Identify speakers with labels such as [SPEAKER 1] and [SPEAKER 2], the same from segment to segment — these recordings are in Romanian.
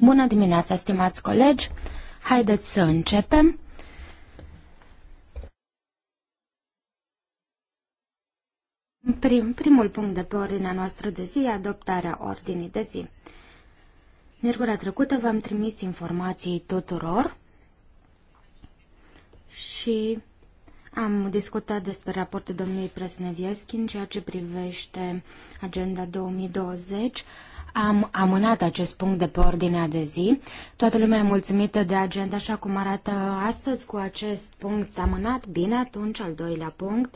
[SPEAKER 1] Bună dimineața, stimați colegi. Haideți să începem. Prim, primul punct de pe ordinea noastră de zi e adoptarea ordinii de zi. Miercurea trecută v-am trimis informații tuturor și am discutat despre raportul domnului Presnevieschi în ceea ce privește Agenda 2020. Am amânat acest punct de pe ordinea de zi. Toată lumea e mulțumită de agenda așa cum arată astăzi cu acest punct amânat. Bine, atunci al doilea punct.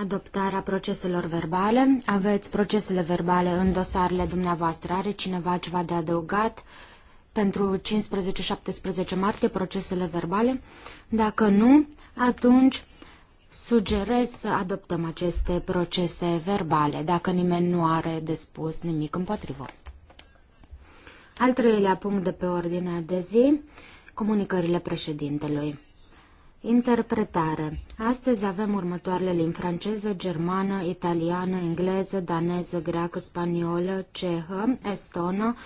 [SPEAKER 1] Adoptarea proceselor verbale. Aveți procesele verbale în dosarele dumneavoastră. Are cineva ceva de adăugat? pentru 15-17 martie procesele verbale? Dacă nu, atunci sugerez să adoptăm aceste procese verbale, dacă nimeni nu are de spus nimic împotrivă. Al treilea punct de pe ordinea de zi, comunicările președintelui. Interpretare. Astăzi avem următoarele limbi franceză, germană, italiană, engleză, daneză, greacă, spaniolă, cehă, estonă,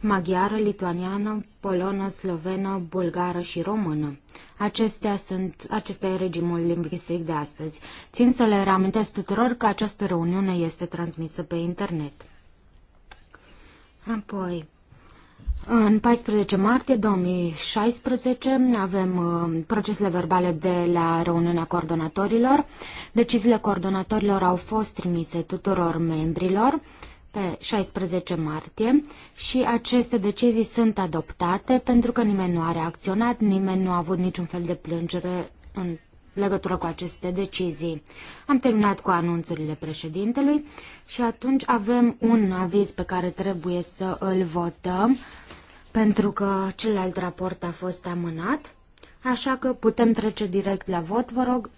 [SPEAKER 1] maghiară, lituaniană, polonă, slovenă, bulgară și română. Acestea sunt, acesta e regimul lingvistic de astăzi. Țin să le reamintesc tuturor că această reuniune este transmisă pe internet. Apoi, în 14 martie 2016 avem uh, procesele verbale de la reuniunea coordonatorilor. Deciziile coordonatorilor au fost trimise tuturor membrilor pe 16 martie și aceste decizii sunt adoptate pentru că nimeni nu a reacționat, nimeni nu a avut niciun fel de plângere în legătură cu aceste decizii. Am terminat cu anunțurile președintelui și atunci avem un aviz pe care trebuie să îl votăm pentru că celălalt raport a fost amânat, așa că putem trece direct la vot, vă rog.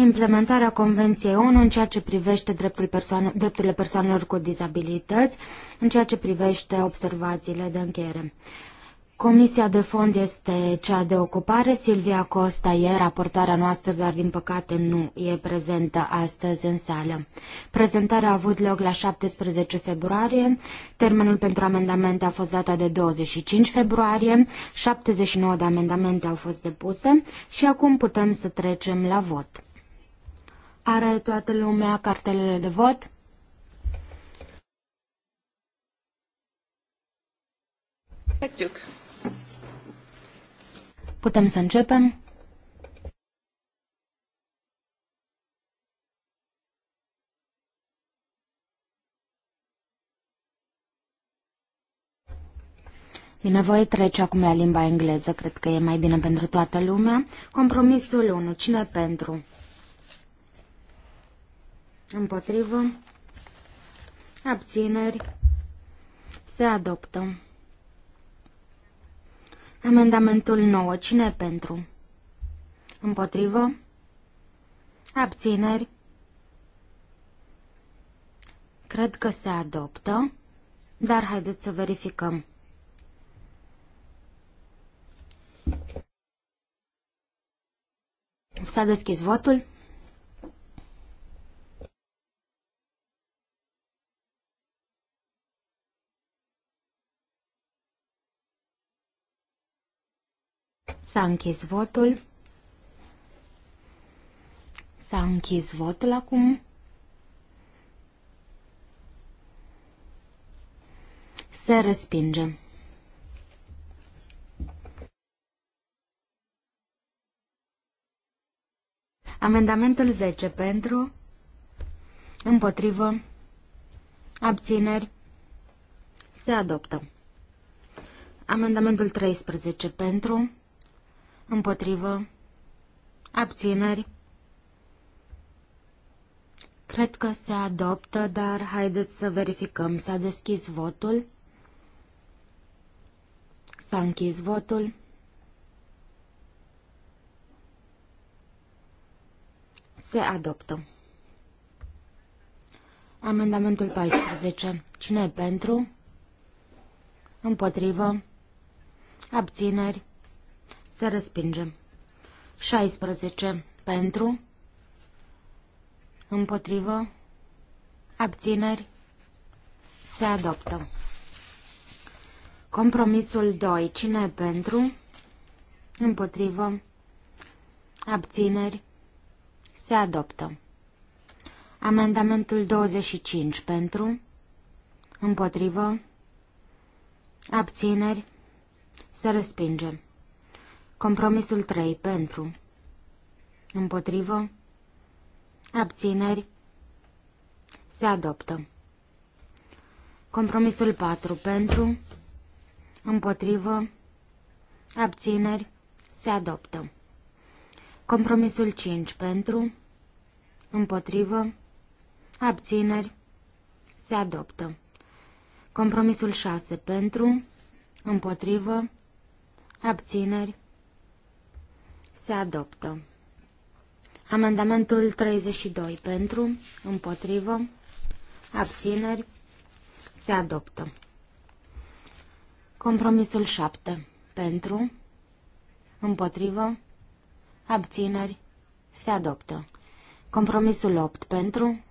[SPEAKER 1] implementarea Convenției ONU în ceea ce privește dreptul persoane, drepturile persoanelor cu dizabilități, în ceea ce privește observațiile de încheiere. Comisia de fond este cea de ocupare. Silvia Costa e raportarea noastră, dar din păcate nu e prezentă astăzi în sală. Prezentarea a avut loc la 17 februarie. Termenul pentru amendamente a fost data de 25 februarie. 79 de amendamente au fost depuse și acum putem să trecem la vot. Are toată lumea cartelele de vot? Putem să începem? Bine, voi trece acum la limba engleză, cred că e mai bine pentru toată lumea. Compromisul 1. Cine pentru? Împotrivă. Abțineri. Se adoptă. Amendamentul 9. Cine pentru? Împotrivă. Abțineri. Cred că se adoptă, dar haideți să verificăm. S-a deschis votul. S-a închis votul. S-a închis votul acum. Se respinge. Amendamentul 10 pentru, împotrivă, abțineri, se adoptă. Amendamentul 13 pentru, împotrivă, abțineri. Cred că se adoptă, dar haideți să verificăm. S-a deschis votul. S-a închis votul. Se adoptă. Amendamentul 14. Cine pentru? Împotrivă? Abțineri? Se respinge. 16. Pentru. Împotrivă. Abțineri. Se adoptă. Compromisul 2. Cine pentru? Împotrivă. Abțineri. Se adoptă. Amendamentul 25 pentru. Împotrivă. Abțineri. Se respinge. Compromisul 3. Pentru. Împotrivă. Abțineri. Se adoptă. Compromisul 4. Pentru. Împotrivă. Abțineri. Se adoptă. Compromisul 5. Pentru. Împotrivă. Abțineri. Se adoptă. Compromisul 6. Pentru. Împotrivă. Abțineri se adoptă. Amendamentul 32 pentru, împotrivă, abțineri, se adoptă. Compromisul 7 pentru, împotrivă, abțineri, se adoptă. Compromisul 8 pentru,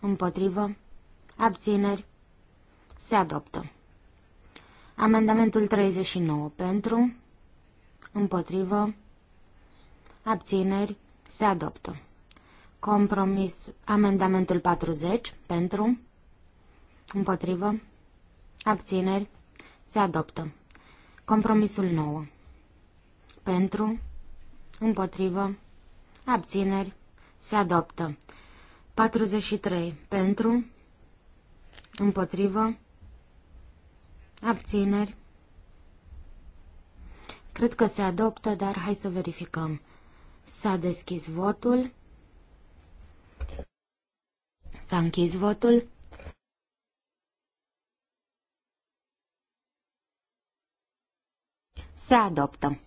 [SPEAKER 1] împotrivă, abțineri, se adoptă. Amendamentul 39 pentru, împotrivă, abțineri, Abțineri. Se adoptă. Compromis. Amendamentul 40. Pentru. Împotrivă. Abțineri. Se adoptă. Compromisul 9. Pentru. Împotrivă. Abțineri. Se adoptă. 43. Pentru. Împotrivă. Abțineri. Cred că se adoptă, dar hai să verificăm. S-a deschis votul. S-a închis votul. Se adoptă.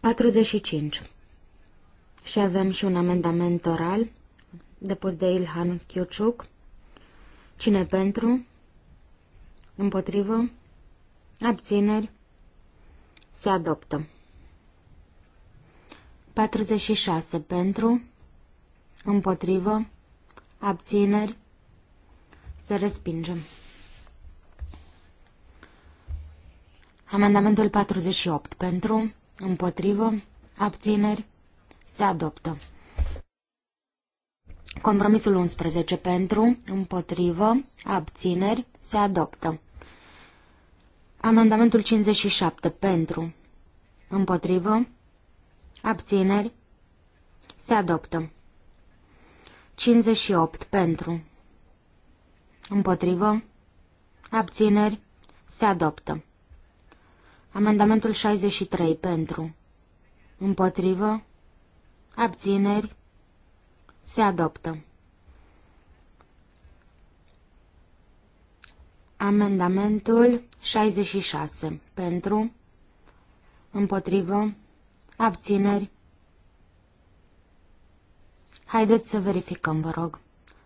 [SPEAKER 1] 45. Și avem și un amendament oral depus de Ilhan Chiuciuc. Cine pentru? Împotrivă? Abțineri? Se adoptă. 46 pentru, împotrivă, abțineri, se respinge. Amendamentul 48 pentru, împotrivă, abțineri, se adoptă. Compromisul 11 pentru, împotrivă, abțineri, se adoptă. Amendamentul 57. Pentru. Împotrivă. Abțineri. Se adoptă. 58. Pentru. Împotrivă. Abțineri. Se adoptă. Amendamentul 63. Pentru. Împotrivă. Abțineri. Se adoptă. Amendamentul 66. Pentru. Împotrivă. Abțineri. Haideți să verificăm, vă rog.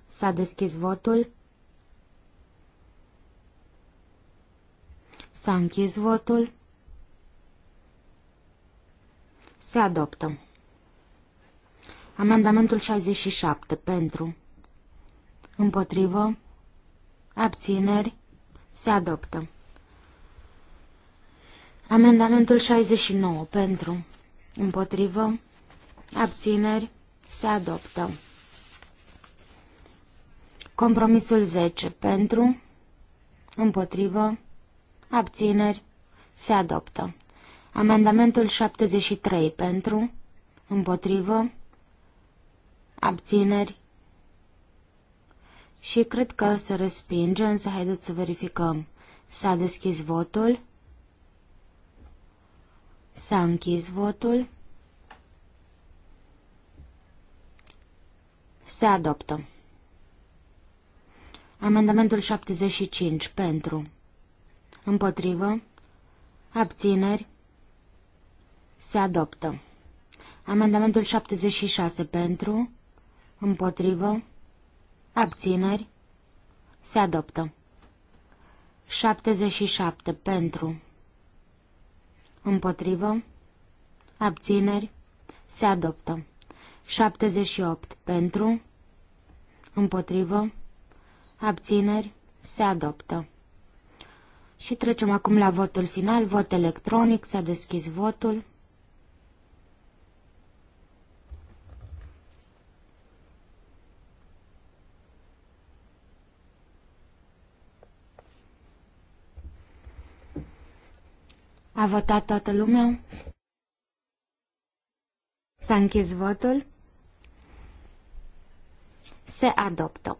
[SPEAKER 1] S-a deschis votul. S-a închis votul. Se adoptă. Amendamentul 67. Pentru. Împotrivă. Abțineri. Se adoptă. Amendamentul 69 pentru, împotrivă, abțineri, se adoptă. Compromisul 10 pentru, împotrivă, abțineri, se adoptă. Amendamentul 73 pentru, împotrivă, abțineri, și cred că se respinge, însă haideți să verificăm. S-a deschis votul. S-a închis votul. Se adoptă. Amendamentul 75. Pentru. Împotrivă. Abțineri. Se adoptă. Amendamentul 76. Pentru. Împotrivă. Abțineri. Se adoptă. 77. Pentru. Împotrivă. Abțineri. Se adoptă. 78. Pentru. Împotrivă. Abțineri. Se adoptă. Și trecem acum la votul final. Vot electronic. S-a deschis votul. A votat toată lumea? S-a închis votul? Se adoptă.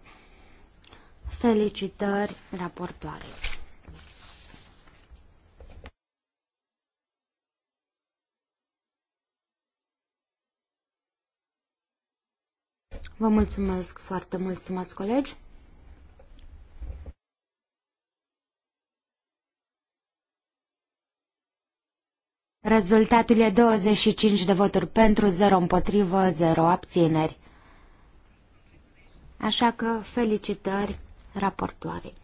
[SPEAKER 1] Felicitări raportoare. Vă mulțumesc foarte mult, stimați colegi. Rezultatul e 25 de voturi pentru, 0 împotrivă, 0 abțineri. Așa că felicitări raportoarei.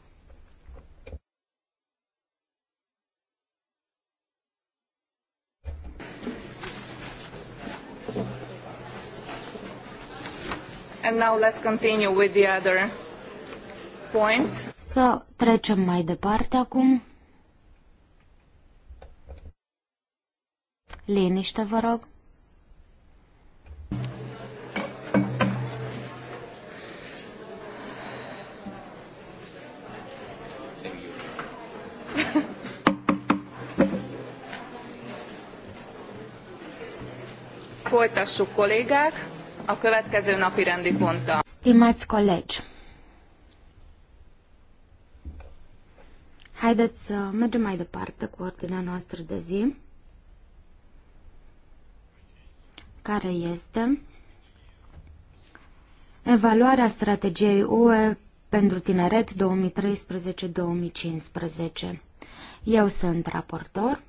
[SPEAKER 2] And now let's continue with the other points.
[SPEAKER 1] Să trecem mai departe acum. Liniște, vă rog.
[SPEAKER 2] Folytassuk kollégák a következő napi rendi ponttal.
[SPEAKER 1] Stimați colegi, haideți să mergem mai departe cu ordinea noastră de zi. care este evaluarea strategiei UE pentru tineret 2013-2015. Eu sunt raportor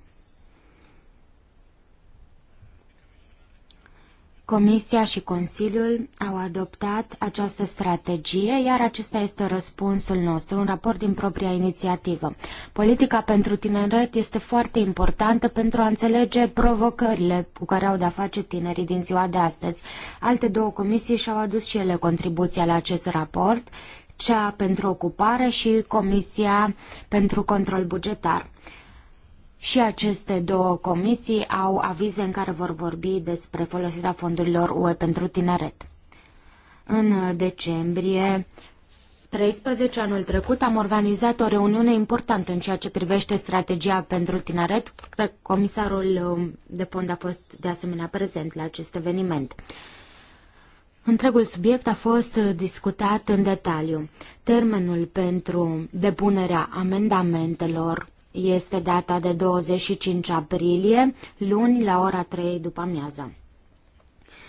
[SPEAKER 1] Comisia și Consiliul au adoptat această strategie, iar acesta este răspunsul nostru, un raport din propria inițiativă. Politica pentru tineret este foarte importantă pentru a înțelege provocările cu care au de-a face tinerii din ziua de astăzi. Alte două comisii și-au adus și ele contribuția la acest raport, cea pentru ocupare și Comisia pentru control bugetar. Și aceste două comisii au avize în care vor vorbi despre folosirea fondurilor UE pentru tineret. În decembrie 13 anul trecut am organizat o reuniune importantă în ceea ce privește strategia pentru tineret. Cred că comisarul um, de fond a fost de asemenea prezent la acest eveniment. Întregul subiect a fost uh, discutat în detaliu. Termenul pentru depunerea amendamentelor este data de 25 aprilie, luni la ora 3 după amiază.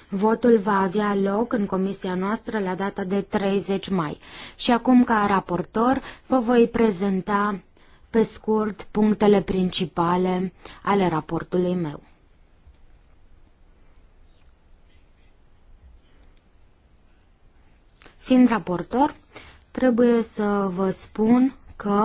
[SPEAKER 1] Votul va avea loc în comisia noastră la data de 30 mai. Și acum, ca raportor, vă voi prezenta pe scurt punctele principale ale raportului meu. Fiind raportor, trebuie să vă spun că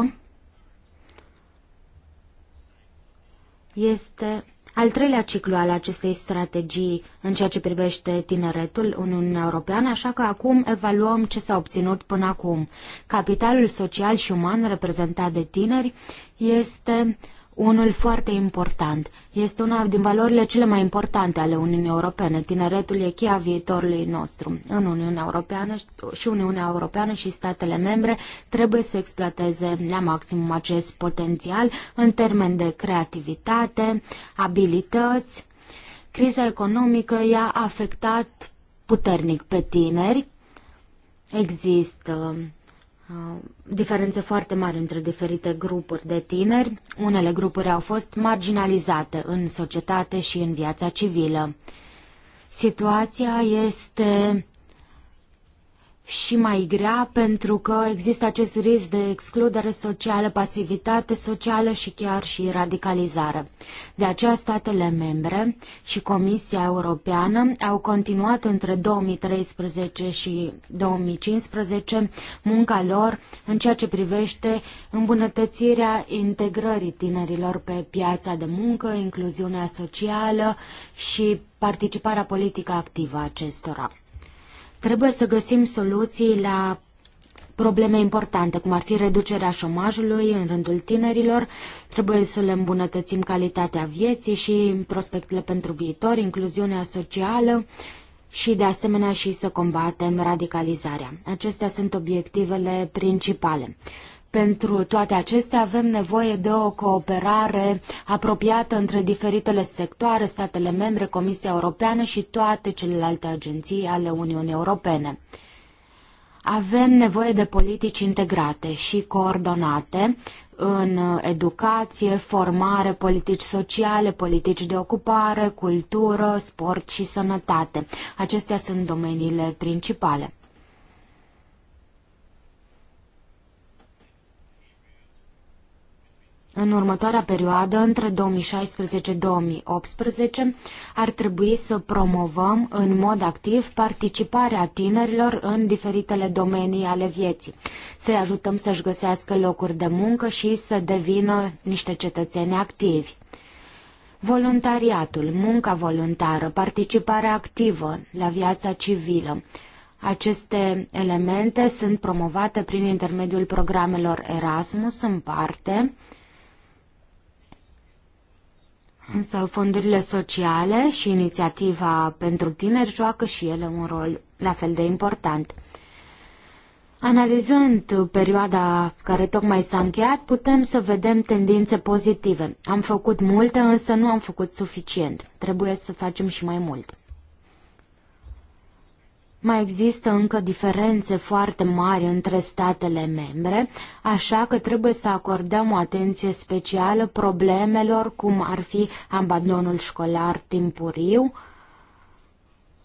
[SPEAKER 1] este al treilea ciclu al acestei strategii în ceea ce privește tineretul în Uniunea Europeană, așa că acum evaluăm ce s-a obținut până acum. Capitalul social și uman reprezentat de tineri este unul foarte important. Este una din valorile cele mai importante ale Uniunii Europene. Tineretul e cheia viitorului nostru. În Uniunea Europeană și Uniunea Europeană și statele membre trebuie să exploateze la maximum acest potențial în termen de creativitate, abilități. Criza economică i-a afectat puternic pe tineri. Există Uh, diferențe foarte mari între diferite grupuri de tineri. Unele grupuri au fost marginalizate în societate și în viața civilă. Situația este și mai grea pentru că există acest risc de excludere socială, pasivitate socială și chiar și radicalizare. De aceea statele membre și Comisia Europeană au continuat între 2013 și 2015 munca lor în ceea ce privește îmbunătățirea integrării tinerilor pe piața de muncă, incluziunea socială și participarea politică activă a acestora. Trebuie să găsim soluții la probleme importante, cum ar fi reducerea șomajului în rândul tinerilor, trebuie să le îmbunătățim calitatea vieții și prospectele pentru viitor, incluziunea socială și de asemenea și să combatem radicalizarea. Acestea sunt obiectivele principale. Pentru toate acestea avem nevoie de o cooperare apropiată între diferitele sectoare, statele membre, Comisia Europeană și toate celelalte agenții ale Uniunii Europene. Avem nevoie de politici integrate și coordonate în educație, formare, politici sociale, politici de ocupare, cultură, sport și sănătate. Acestea sunt domeniile principale. În următoarea perioadă, între 2016-2018, ar trebui să promovăm în mod activ participarea tinerilor în diferitele domenii ale vieții, să-i ajutăm să-și găsească locuri de muncă și să devină niște cetățeni activi. Voluntariatul, munca voluntară, participarea activă la viața civilă, aceste elemente sunt promovate prin intermediul programelor Erasmus în parte, Însă fondurile sociale și inițiativa pentru tineri joacă și ele un rol la fel de important. Analizând perioada care tocmai s-a încheiat, putem să vedem tendințe pozitive. Am făcut multe, însă nu am făcut suficient. Trebuie să facem și mai mult. Mai există încă diferențe foarte mari între statele membre, așa că trebuie să acordăm o atenție specială problemelor cum ar fi abandonul școlar timpuriu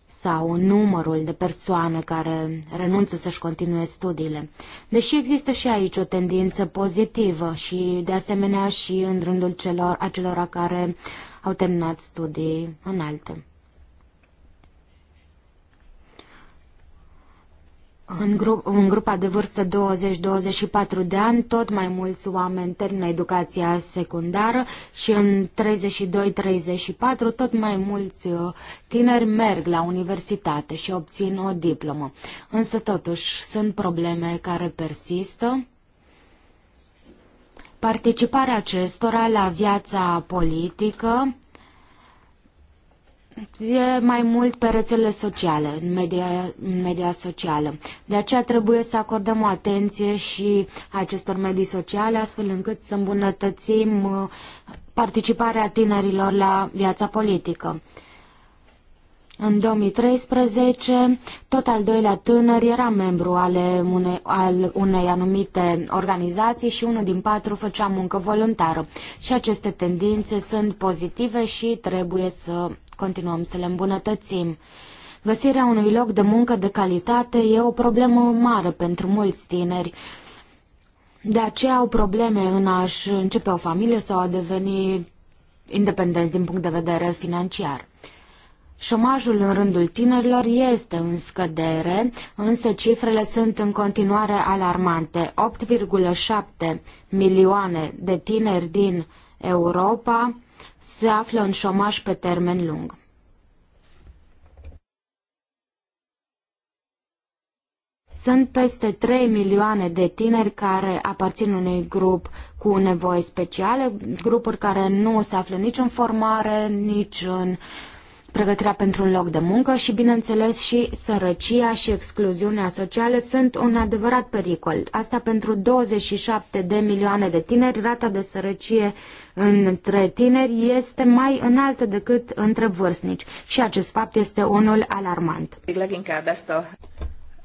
[SPEAKER 1] sau numărul de persoane care renunță să-și continue studiile. Deși există și aici o tendință pozitivă și de asemenea și în rândul celor, acelora care au terminat studii înalte. În, grup, în grupa de vârstă 20-24 de ani, tot mai mulți oameni termină educația secundară și în 32-34 tot mai mulți uh, tineri merg la universitate și obțin o diplomă. Însă totuși sunt probleme care persistă. Participarea acestora la viața politică e mai mult pe rețelele sociale, în media, în media socială. De aceea trebuie să acordăm o atenție și acestor medii sociale, astfel încât să îmbunătățim uh, participarea tinerilor la viața politică. În 2013, tot al doilea tânăr era membru ale unei, al unei anumite organizații și unul din patru făcea muncă voluntară. Și aceste tendințe sunt pozitive și trebuie să continuăm să le îmbunătățim. Găsirea unui loc de muncă de calitate e o problemă mare pentru mulți tineri. De aceea au probleme în a-și începe o familie sau a deveni independenți din punct de vedere financiar. Șomajul în rândul tinerilor este în scădere, însă cifrele sunt în continuare alarmante. 8,7 milioane de tineri din Europa se află în șomaj pe termen lung. Sunt peste 3 milioane de tineri care aparțin unui grup cu nevoi speciale, grupuri care nu se află nici în formare, nici în uh, pregătirea pentru un loc de muncă și, bineînțeles, și sărăcia și excluziunea socială sunt un adevărat pericol. Asta pentru 27 de milioane de tineri, rata de sărăcie între tineri este mai înaltă decât între vârstnici și acest fapt este unul alarmant.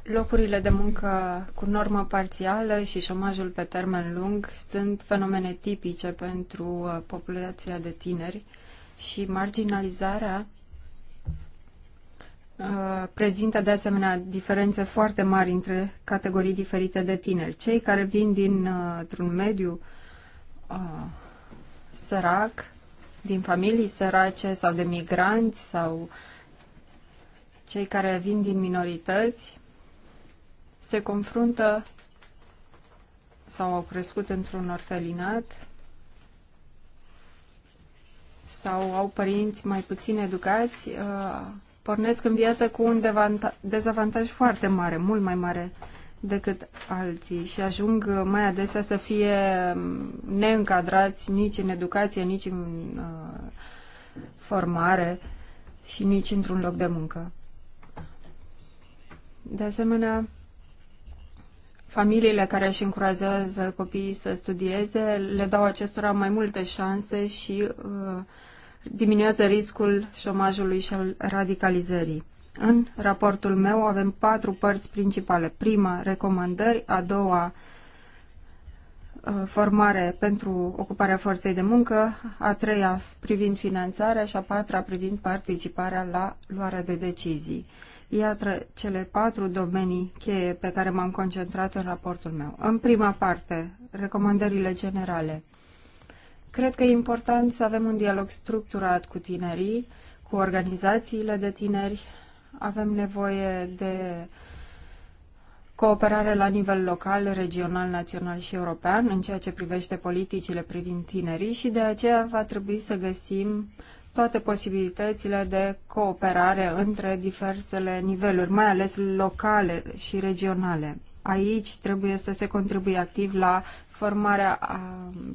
[SPEAKER 2] Locurile de muncă cu normă parțială și șomajul pe termen lung sunt fenomene tipice pentru uh, populația de tineri și marginalizarea Uh, prezintă de asemenea diferențe foarte mari între categorii diferite de tineri. Cei care vin dintr-un uh, mediu uh, sărac, din familii sărace sau de migranți sau cei care vin din minorități se confruntă sau au crescut într-un orfelinat sau au părinți mai puțin educați, pornesc în viață cu un dezavantaj foarte mare, mult mai mare decât alții și ajung mai adesea să fie mm, neîncadrați nici în educație, nici în uh, formare și nici într-un loc de muncă. De asemenea, familiile care își încurajează copiii să studieze le dau acestora mai multe șanse și uh, diminuează riscul șomajului și al radicalizării. În raportul meu avem patru părți principale. Prima, recomandări, a doua, uh, formare pentru ocuparea forței de muncă, a treia privind finanțarea și a patra privind participarea la luarea de decizii. Iată cele patru domenii cheie pe care m-am concentrat în raportul meu. În prima parte, recomandările generale. Cred că e important să avem un dialog structurat cu tinerii, cu organizațiile de tineri. Avem nevoie de cooperare la nivel local, regional, național și european în ceea ce privește politicile privind tinerii și de aceea va trebui să găsim toate posibilitățile de cooperare între diversele niveluri, mai ales locale și regionale. Aici trebuie să se contribuie activ la formarea a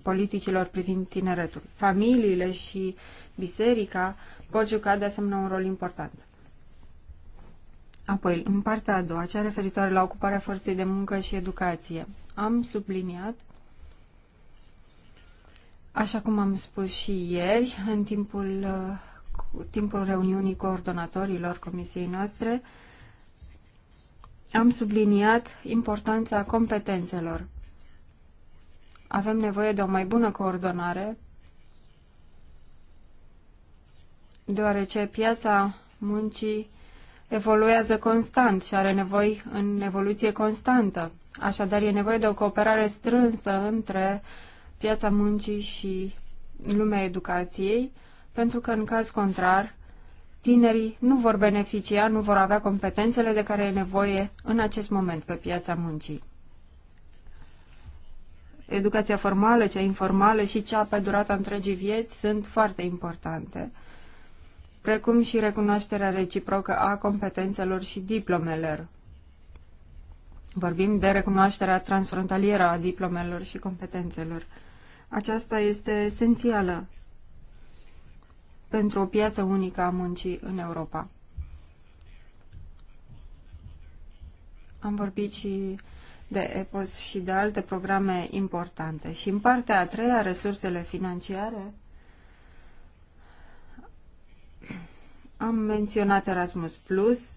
[SPEAKER 2] politicilor privind tineretul. Familiile și biserica pot juca de asemenea un rol important. Apoi, în partea a doua, cea referitoare la ocuparea forței de muncă și educație, am subliniat, așa cum am spus și ieri, în timpul, uh, timpul reuniunii coordonatorilor comisiei noastre, am subliniat importanța competențelor avem nevoie de o mai bună coordonare, deoarece piața muncii evoluează constant și are nevoie în evoluție constantă. Așadar, e nevoie de o cooperare strânsă între piața muncii și lumea educației, pentru că, în caz contrar, tinerii nu vor beneficia, nu vor avea competențele de care e nevoie în acest moment pe piața muncii educația formală, cea informală și cea pe durata întregii vieți sunt foarte importante, precum și recunoașterea reciprocă a competențelor și diplomelor. Vorbim de recunoașterea transfrontalieră a diplomelor și competențelor. Aceasta este esențială pentru o piață unică a muncii în Europa. Am vorbit și de EPOS și de alte programe importante. Și în partea a treia, resursele financiare, am menționat Erasmus+, Plus,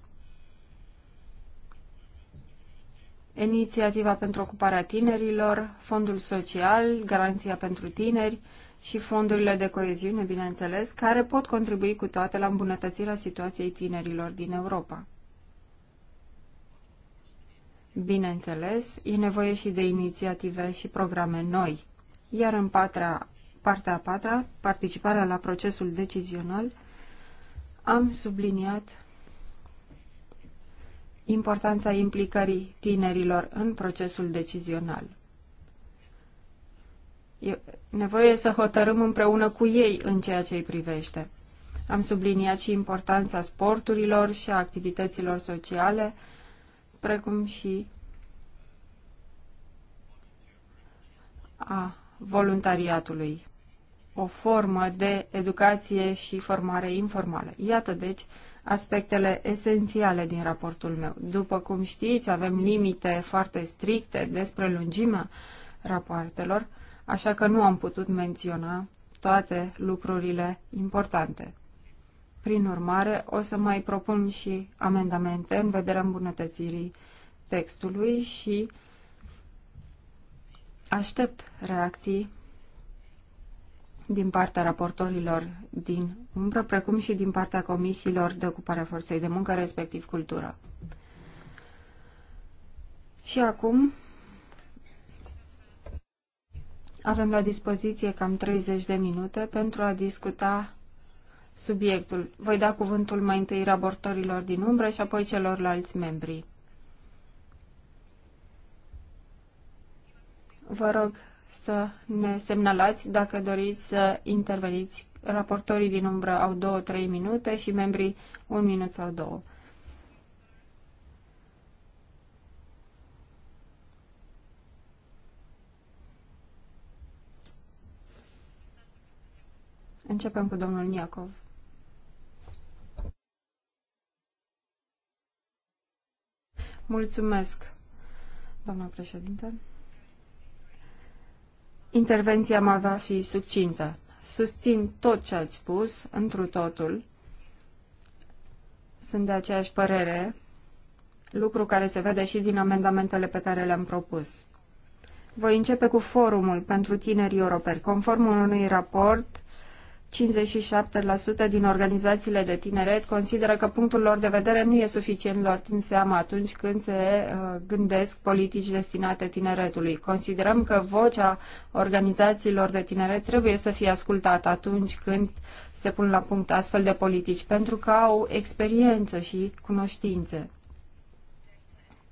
[SPEAKER 2] inițiativa pentru ocuparea tinerilor, fondul social, garanția pentru tineri și fondurile de coeziune, bineînțeles, care pot contribui cu toate la îmbunătățirea situației tinerilor din Europa. Bineînțeles, e nevoie și de inițiative și programe noi. Iar în patra, partea a patra, participarea la procesul decizional, am subliniat importanța implicării tinerilor în procesul decizional. E nevoie să hotărâm împreună cu ei în ceea ce îi privește. Am subliniat și importanța sporturilor și a activităților sociale, precum și a voluntariatului, o formă de educație și formare informală. Iată, deci, aspectele esențiale din raportul meu. După cum știți, avem limite foarte stricte despre lungimea rapoartelor, așa că nu am putut menționa toate lucrurile importante. Prin urmare, o să mai propun și amendamente în vederea îmbunătățirii textului și aștept reacții din partea raportorilor din umbră, precum și din partea comisiilor de ocupare a forței de muncă, respectiv cultură. Și acum avem la dispoziție cam 30 de minute pentru a discuta subiectul. Voi da cuvântul mai întâi raportorilor din umbră și apoi celorlalți membri. Vă rog să ne semnalați dacă doriți să interveniți. Raportorii din umbră au 2-3 minute și membrii 1 minut sau 2. Începem cu domnul Niacov. Mulțumesc, doamna președinte. Intervenția mea va fi succintă. Susțin tot ce ați spus, întru totul. Sunt de aceeași părere, lucru care se vede și din amendamentele pe care le-am propus. Voi începe cu forumul pentru tineri europeni. Conform unui raport 57% din organizațiile de tineret consideră că punctul lor de vedere nu e suficient luat în seamă atunci când se uh, gândesc politici destinate tineretului. Considerăm că vocea organizațiilor de tineret trebuie să fie ascultată atunci când se pun la punct astfel de politici, pentru că au experiență și cunoștințe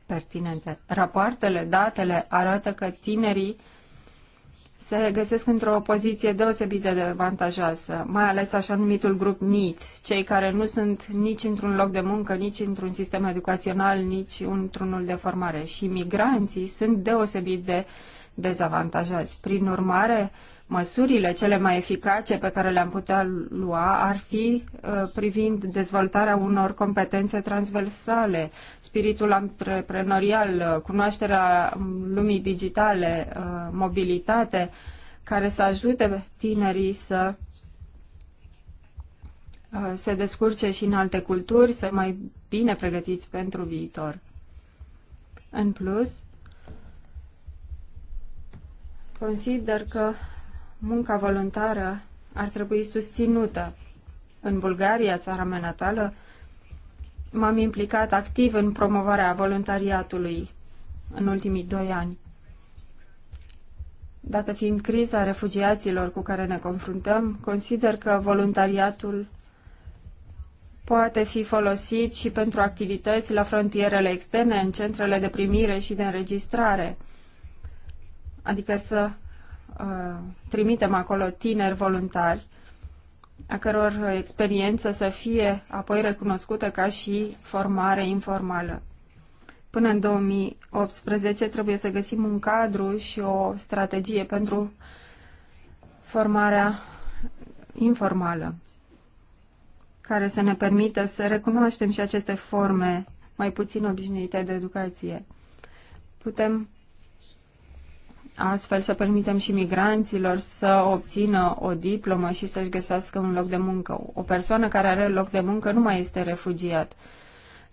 [SPEAKER 2] pertinente. Rapoartele, datele arată că tinerii se găsesc într-o poziție deosebită de avantajoasă, mai ales așa numitul grup NEET, cei care nu sunt nici într-un loc de muncă, nici într-un sistem educațional, nici într-unul de formare. Și migranții sunt deosebit de dezavantajați. Prin urmare, uh, Măsurile cele mai eficace pe care le-am putea lua ar fi uh, privind dezvoltarea unor competențe transversale, spiritul antreprenorial, uh, cunoașterea lumii digitale, uh, mobilitate, care să ajute tinerii să se descurce și în alte culturi, să mai bine pregătiți pentru viitor. În plus, consider că munca voluntară ar trebui susținută. În Bulgaria, țara mea natală, m-am implicat activ în promovarea voluntariatului în ultimii doi ani. Dată fiind criza refugiaților cu care ne confruntăm, consider că voluntariatul poate fi folosit și pentru activități la frontierele externe, în centrele de primire și de înregistrare, adică să uh, trimitem acolo tineri voluntari, a căror experiență să fie apoi recunoscută ca și formare informală. Până în 2018 trebuie să găsim un cadru și o strategie pentru formarea informală, care să ne permită să recunoaștem și aceste forme mai puțin obișnuite de educație. Putem Astfel să permitem și migranților să obțină o diplomă și să-și găsească un loc de muncă. O persoană care are loc de muncă nu mai este refugiat.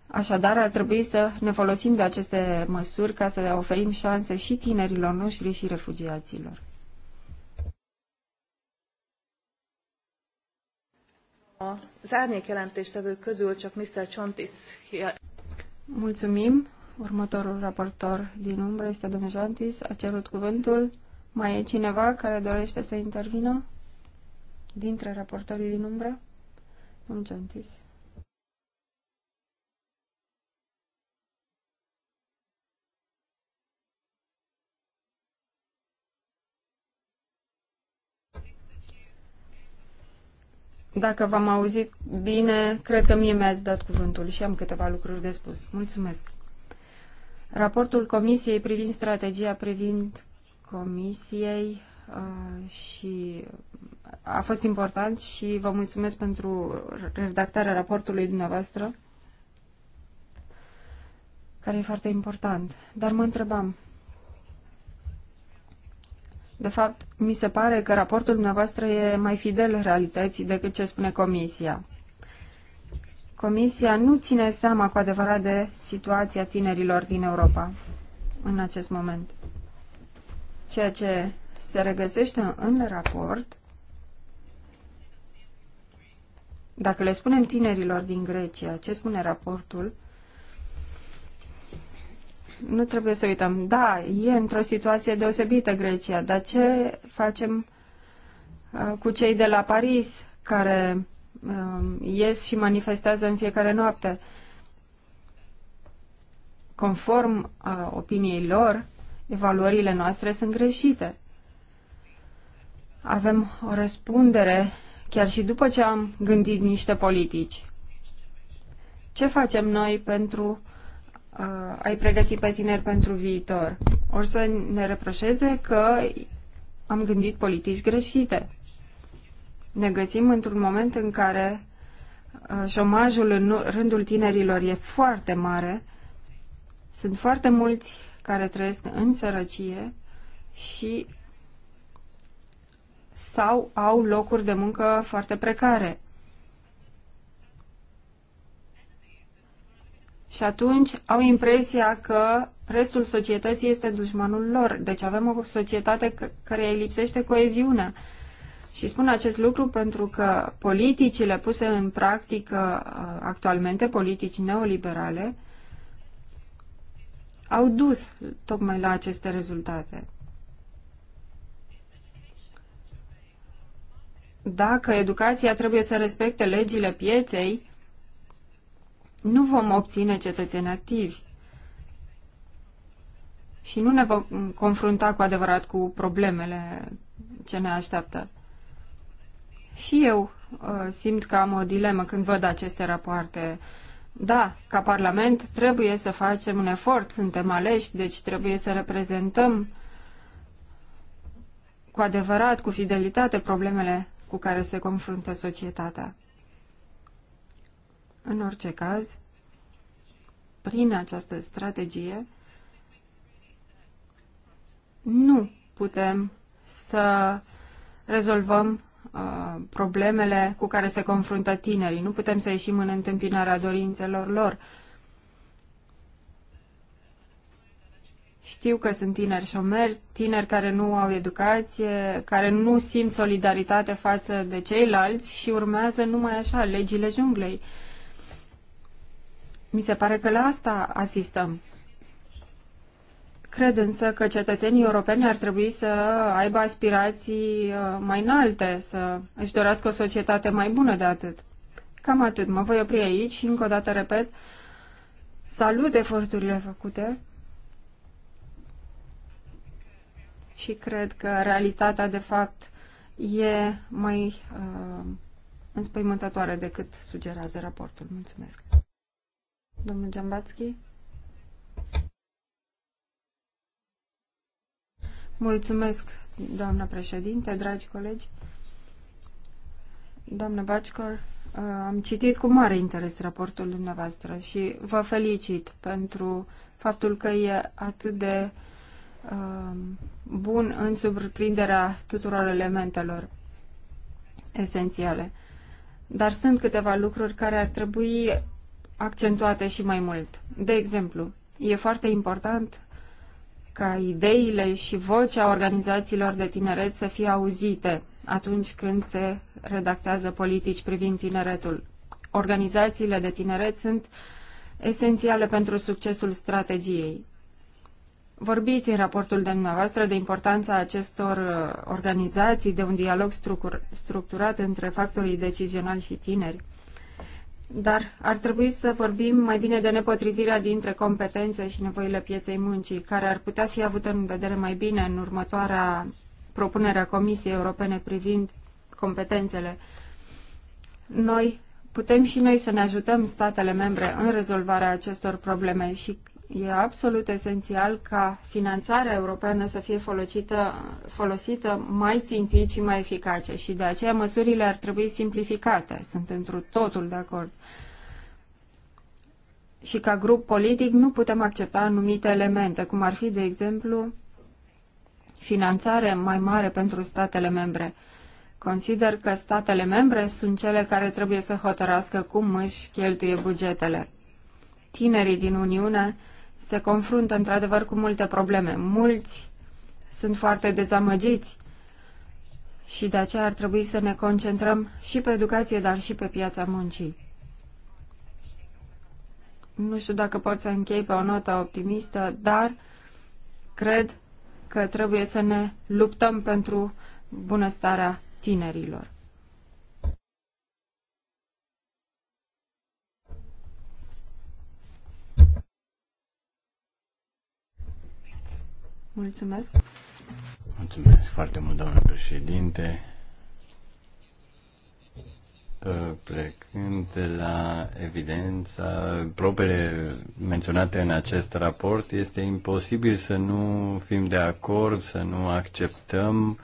[SPEAKER 2] Așadar, ar trebui să ne folosim de aceste măsuri ca să le oferim șanse și tinerilor noștri și refugiaților. Mulțumim. Următorul raportor din umbră este domnul Jantis. A cerut cuvântul. Mai e cineva care dorește să intervină? Dintre raportorii din umbră? Domnul Jantis. Dacă v-am auzit bine, cred că mie mi-ați dat cuvântul și am câteva lucruri de spus. Mulțumesc! Raportul Comisiei privind strategia privind Comisiei uh, și a fost important și vă mulțumesc pentru redactarea raportului dumneavoastră, care e foarte important. Dar mă întrebam, de fapt, mi se pare că raportul dumneavoastră e mai fidel realității decât ce spune Comisia. Comisia nu ține seama cu adevărat de situația tinerilor din Europa în acest moment. Ceea ce se regăsește în raport, dacă le spunem tinerilor din Grecia ce spune raportul, nu trebuie să uităm. Da, e într-o situație deosebită Grecia, dar ce facem uh, cu cei de la Paris care Um, ies și manifestează în fiecare noapte. Conform opiniei lor, evaluările noastre sunt greșite. Avem o răspundere chiar și după ce am gândit niște politici. Ce facem noi pentru uh, a-i pregăti pe tineri pentru viitor? Or să ne reproșeze că am gândit politici greșite ne găsim într-un moment în care uh, șomajul în rândul tinerilor e foarte mare, sunt foarte mulți care trăiesc în sărăcie și sau au locuri de muncă foarte precare. Și atunci au impresia că restul societății este dușmanul lor. Deci avem o societate care îi lipsește coeziunea. Și spun acest lucru pentru că politicile puse în practică uh, actualmente, politici neoliberale, au dus tocmai la aceste rezultate. Dacă educația trebuie să respecte legile pieței, nu vom obține cetățeni activi și nu ne vom confrunta cu adevărat cu problemele ce ne așteaptă. Și eu uh, simt că am o dilemă când văd aceste rapoarte. Da, ca Parlament trebuie să facem un efort, suntem aleși, deci trebuie să reprezentăm cu adevărat, cu fidelitate, problemele cu care se confruntă societatea. În orice caz, prin această strategie, nu putem să rezolvăm Uh, problemele cu care se confruntă tinerii. Nu putem să ieșim în întâmpinarea dorințelor lor. Știu că sunt tineri șomeri, tineri care nu au educație, care nu simt solidaritate față de ceilalți și urmează numai așa legile junglei. Mi se pare că la asta asistăm. Cred însă că cetățenii europeni ar trebui să aibă aspirații uh, mai înalte, să își dorească o societate mai bună de atât. Cam atât. Mă voi opri aici și încă o dată repet, salut eforturile făcute și cred că realitatea de fapt e mai uh, înspăimântătoare decât sugerează raportul. Mulțumesc. Domnul Giambatski? Mulțumesc, doamna președinte, dragi colegi. Doamna Bacicor, uh, am citit cu mare interes raportul dumneavoastră și vă felicit pentru faptul că e atât de uh, bun în surprinderea tuturor elementelor esențiale. Dar sunt câteva lucruri care ar trebui accentuate și mai mult. De exemplu, e foarte important ca ideile și vocea organizațiilor de tineret să fie auzite atunci când se redactează politici privind tineretul. Organizațiile de tineret sunt esențiale pentru succesul strategiei. Vorbiți în raportul de dumneavoastră de importanța acestor uh, organizații, de un dialog structurat între factorii decizionali și tineri dar ar trebui să vorbim mai bine de nepotrivirea dintre competențe și nevoile pieței muncii, care ar putea fi avută în vedere mai bine în următoarea propunere a Comisiei Europene privind competențele. Noi putem și noi să ne ajutăm statele membre în rezolvarea acestor probleme și E absolut esențial ca finanțarea europeană să fie folosită, folosită mai țintit și mai eficace și de aceea măsurile ar trebui simplificate. Sunt întru totul de acord. Și ca grup politic nu putem accepta anumite elemente, cum ar fi, de exemplu, finanțare mai mare pentru statele membre. Consider că statele membre sunt cele care trebuie să hotărască cum își cheltuie bugetele. Tinerii din Uniune se confruntă într-adevăr cu multe probleme. Mulți sunt foarte dezamăgiți și de aceea ar trebui să ne concentrăm și pe educație, dar și pe piața muncii. Nu știu dacă pot să închei pe o notă optimistă, dar cred că trebuie să ne luptăm pentru bunăstarea tinerilor. Mulțumesc.
[SPEAKER 3] Mulțumesc foarte mult, domnule președinte. Ă, plecând de la evidența, probele menționate în acest raport, este imposibil să nu fim de acord, să nu acceptăm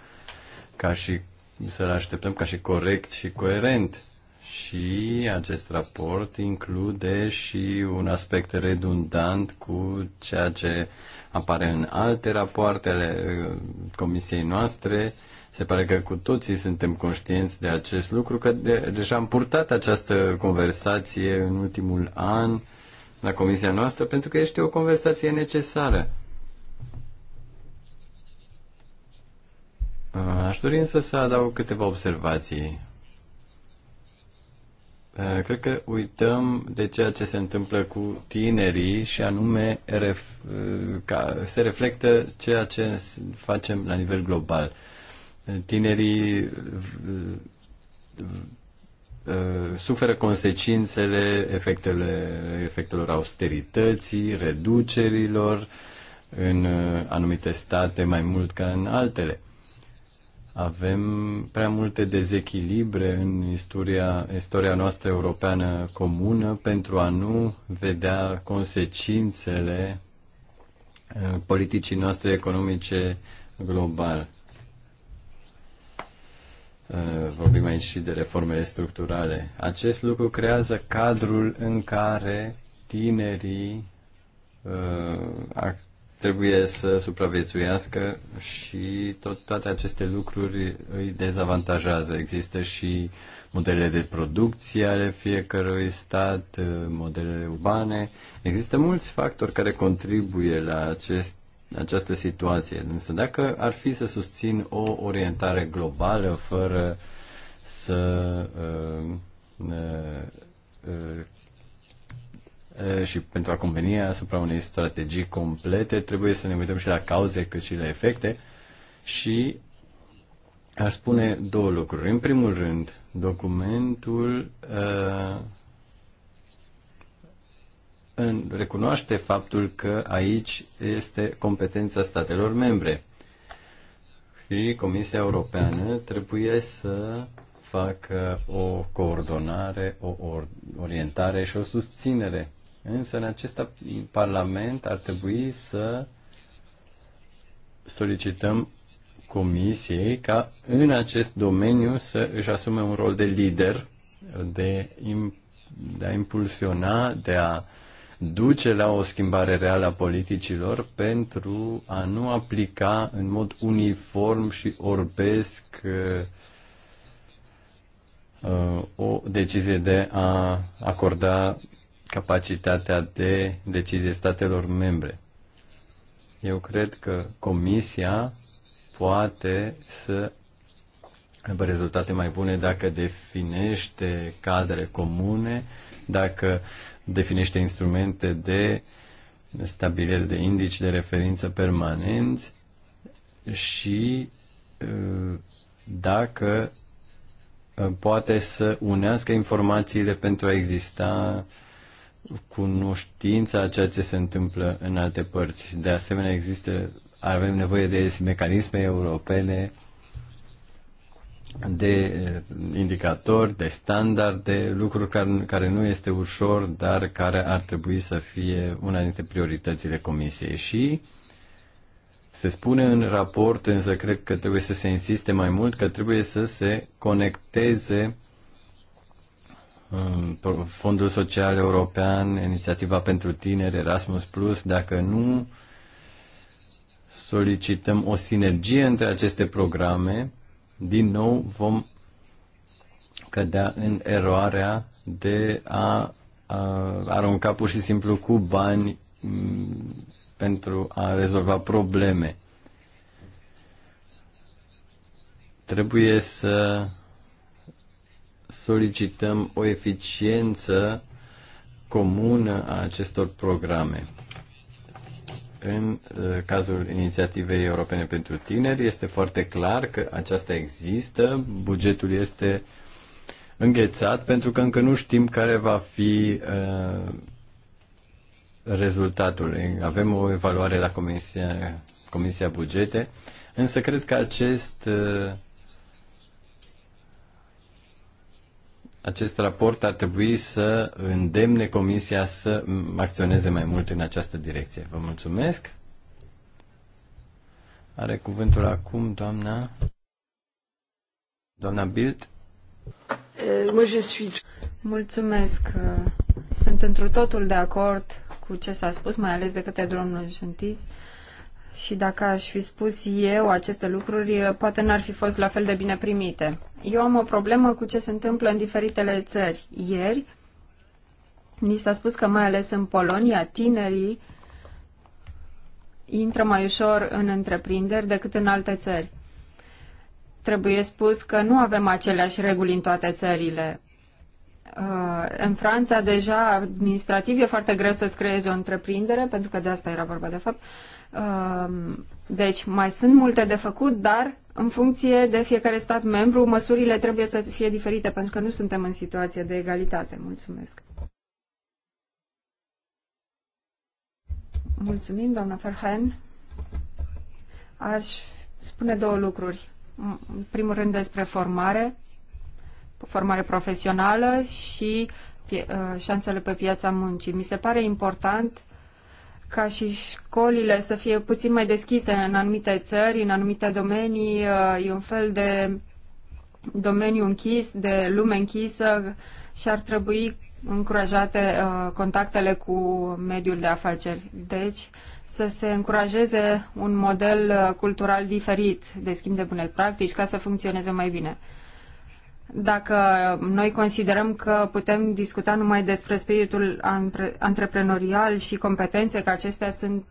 [SPEAKER 3] ca și să-l așteptăm ca și corect și coerent și acest raport include și un aspect redundant cu ceea ce apare în alte rapoarte ale uh, comisiei noastre. Se pare că cu toții suntem conștienți de acest lucru, că de, deja am purtat această conversație în ultimul an la comisia noastră, pentru că este o conversație necesară. Uh, aș dori însă să adaug câteva observații Uh, cred că uităm de ceea ce se întâmplă cu tinerii și anume ref, uh, ca, se reflectă ceea ce facem la nivel global. Uh, tinerii suferă consecințele efectelor austerității, reducerilor în anumite state mai mult ca în altele. Avem prea multe dezechilibre în istoria, istoria noastră europeană comună pentru a nu vedea consecințele uh, politicii noastre economice global. Uh, vorbim aici și de reformele structurale. Acest lucru creează cadrul în care tinerii uh, trebuie să supraviețuiască și tot, toate aceste lucruri îi dezavantajează. Există și modele de producție ale fiecărui stat, modelele urbane. Există mulți factori care contribuie la acest, această situație. Însă dacă ar fi să susțin o orientare globală fără să uh, uh, și pentru a conveni asupra unei strategii complete, trebuie să ne uităm și la cauze cât și la efecte și a spune două lucruri. În primul rând, documentul uh, recunoaște faptul că aici este competența statelor membre și Comisia Europeană trebuie să facă o coordonare, o orientare și o susținere Însă în acest Parlament ar trebui să solicităm Comisiei ca în acest domeniu să își asume un rol de lider, de, de a impulsiona, de a duce la o schimbare reală a politicilor pentru a nu aplica în mod uniform și orbesc uh, uh, o decizie de a acorda capacitatea de decizie statelor membre. Eu cred că Comisia poate să aibă rezultate mai bune dacă definește cadre comune, dacă definește instrumente de stabilire de indici de referință permanenți și uh, dacă uh, poate să unească informațiile pentru a exista uh, cunoștința a ceea ce se întâmplă în alte părți. De asemenea, există, avem nevoie de mecanisme europene, de eh, indicatori, de standarde, lucruri care, care nu este ușor, dar care ar trebui să fie una dintre prioritățile Comisiei. Și se spune în raport, însă cred că trebuie să se insiste mai mult, că trebuie să se conecteze uh, Um, Fondul Social European, Inițiativa pentru Tineri, Erasmus Plus, dacă nu solicităm o sinergie între aceste programe, din nou vom cădea în eroarea de a, a arunca pur și simplu cu bani mm, pentru a rezolva probleme. Trebuie să solicităm o eficiență comună a acestor programe. În uh, cazul inițiativei europene pentru tineri este foarte clar că aceasta există, bugetul este înghețat pentru că încă nu știm care va fi uh, rezultatul. Avem o evaluare la Comisia, Comisia Bugete, însă cred că acest uh, acest raport ar trebui să îndemne Comisia să acționeze mai mult în această direcție. Vă mulțumesc. Are cuvântul acum doamna doamna Bild.
[SPEAKER 2] Eh, mulțumesc. Sunt într totul de acord cu ce s-a spus, mai ales de către domnul Șuntis și dacă aș fi spus eu aceste lucruri, poate n-ar fi fost la fel de bine primite. Eu am o problemă cu ce se întâmplă în diferitele țări. Ieri, ni s-a spus că mai ales în Polonia, tinerii intră mai ușor în întreprinderi decât în alte țări. Trebuie spus că nu avem aceleași reguli în toate țările. Uh, în Franța deja administrativ e foarte greu să-ți creezi o întreprindere, pentru că de asta era vorba de fapt. Uh, deci mai sunt multe de făcut, dar în funcție de fiecare stat membru, măsurile trebuie să fie diferite, pentru că nu suntem în situație de egalitate. Mulțumesc. Mulțumim, doamna Ferhen. Aș spune două lucruri. În primul rând despre formare formare profesională și uh, șansele pe piața muncii. Mi se pare important ca și școlile să fie puțin mai deschise în anumite țări, în anumite domenii. Uh, e un fel de domeniu închis, de lume închisă și ar trebui încurajate uh, contactele cu mediul de afaceri. Deci, să se încurajeze un model cultural diferit de schimb de bune practici ca să funcționeze mai bine dacă noi considerăm că putem discuta numai despre spiritul antreprenorial și competențe, că acestea sunt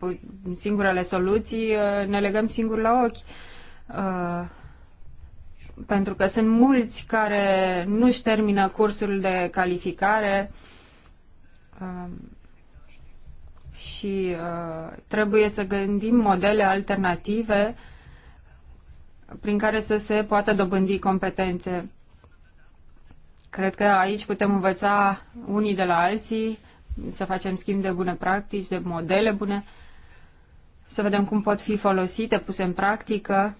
[SPEAKER 2] uh, singurele soluții, uh, ne legăm singur la ochi. Uh, pentru că sunt mulți care nu-și termină cursul de calificare și trebuie să gândim modele alternative prin care să se poată dobândi competențe. Cred că aici putem învăța unii de la alții, să facem schimb de bune practici, de modele bune, să vedem cum pot fi folosite, puse în practică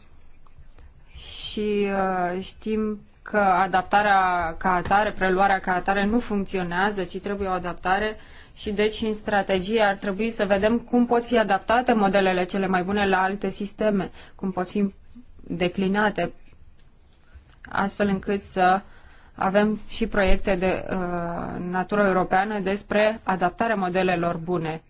[SPEAKER 2] și uh, știm că adaptarea ca atare, preluarea ca atare nu funcționează, ci trebuie o adaptare și deci în strategie ar trebui să vedem cum pot fi adaptate modelele cele mai bune la alte sisteme, cum pot fi declinate astfel încât să avem și proiecte de uh, natură europeană despre adaptarea modelelor bune.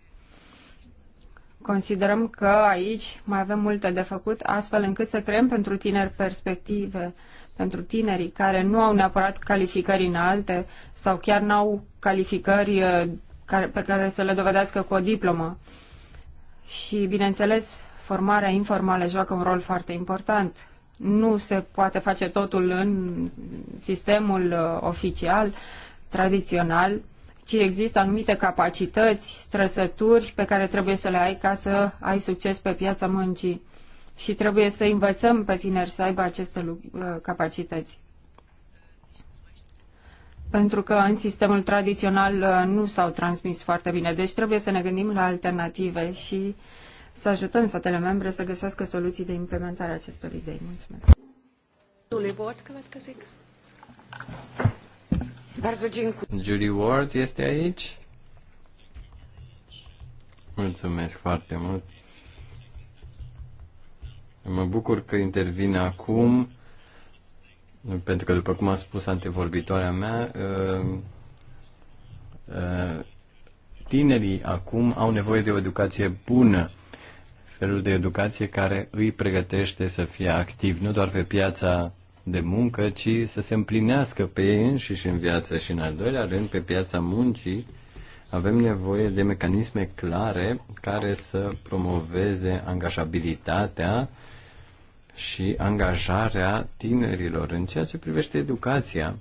[SPEAKER 2] Considerăm că aici mai avem multe de făcut, astfel încât să creăm pentru tineri perspective, pentru tinerii care nu au neapărat calificări înalte sau chiar nu au calificări uh, care, pe care să le dovedească cu o diplomă. Și, bineînțeles, formarea informală joacă un rol foarte important. Nu se poate face totul în sistemul uh, oficial, tradițional, ci există anumite capacități, trăsături pe care trebuie să le ai ca să ai succes pe piața muncii și trebuie să învățăm pe tineri să aibă aceste uh, capacități. Pentru că în sistemul tradițional uh, nu s-au transmis foarte bine, deci trebuie să ne gândim la alternative și uh, să ajutăm statele membre să găsească soluții de implementare a acestor idei. Mulțumesc.
[SPEAKER 1] Julie Ward, következik.
[SPEAKER 3] Julie Ward este aici. Mulțumesc foarte mult. Mă bucur că intervine acum, pentru că, după cum a spus antevorbitoarea mea, uh, uh, tinerii acum au nevoie de o educație bună felul de educație care îi pregătește să fie activ nu doar pe piața de muncă, ci să se împlinească pe ei înșiși în viață și în al doilea rând pe piața muncii avem nevoie de mecanisme clare care să promoveze angajabilitatea și angajarea tinerilor. În ceea ce privește educația,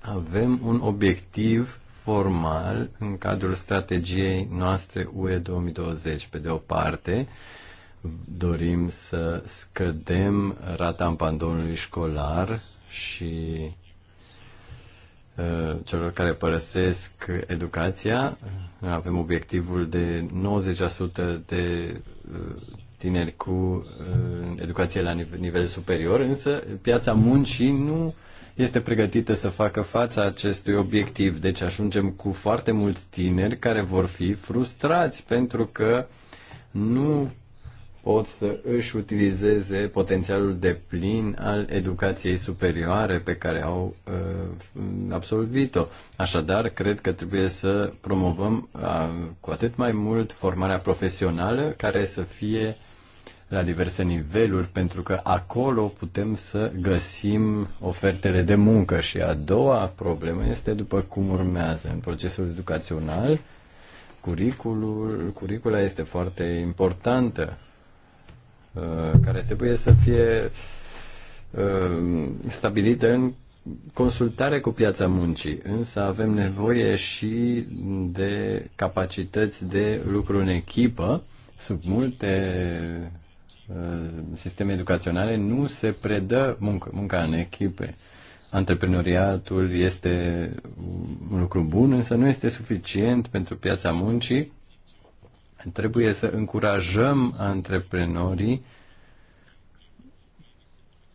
[SPEAKER 3] avem un obiectiv formal în cadrul strategiei noastre UE 2020. Pe de o parte, dorim să scădem rata abandonului școlar și uh, celor care părăsesc educația. Avem obiectivul de 90% de uh, tineri cu uh, educație la nivel superior, însă piața muncii nu este pregătită să facă fața acestui obiectiv. Deci ajungem cu foarte mulți tineri care vor fi frustrați pentru că nu pot să își utilizeze potențialul de plin al educației superioare pe care au uh, absolvit-o. Așadar, cred că trebuie să promovăm uh, cu atât mai mult formarea profesională care să fie uh, la diverse niveluri, pentru că acolo putem să găsim ofertele de muncă. Și a doua problemă este după cum urmează. În procesul educațional, curiculul, curicula este foarte importantă, uh, care trebuie să fie uh, stabilită în consultare cu piața muncii, însă avem nevoie și de capacități de lucru în echipă. sub multe Uh, sisteme educaționale nu se predă muncă, munca în echipe. Antreprenoriatul este un lucru bun, însă nu este suficient pentru piața muncii. Trebuie să încurajăm antreprenorii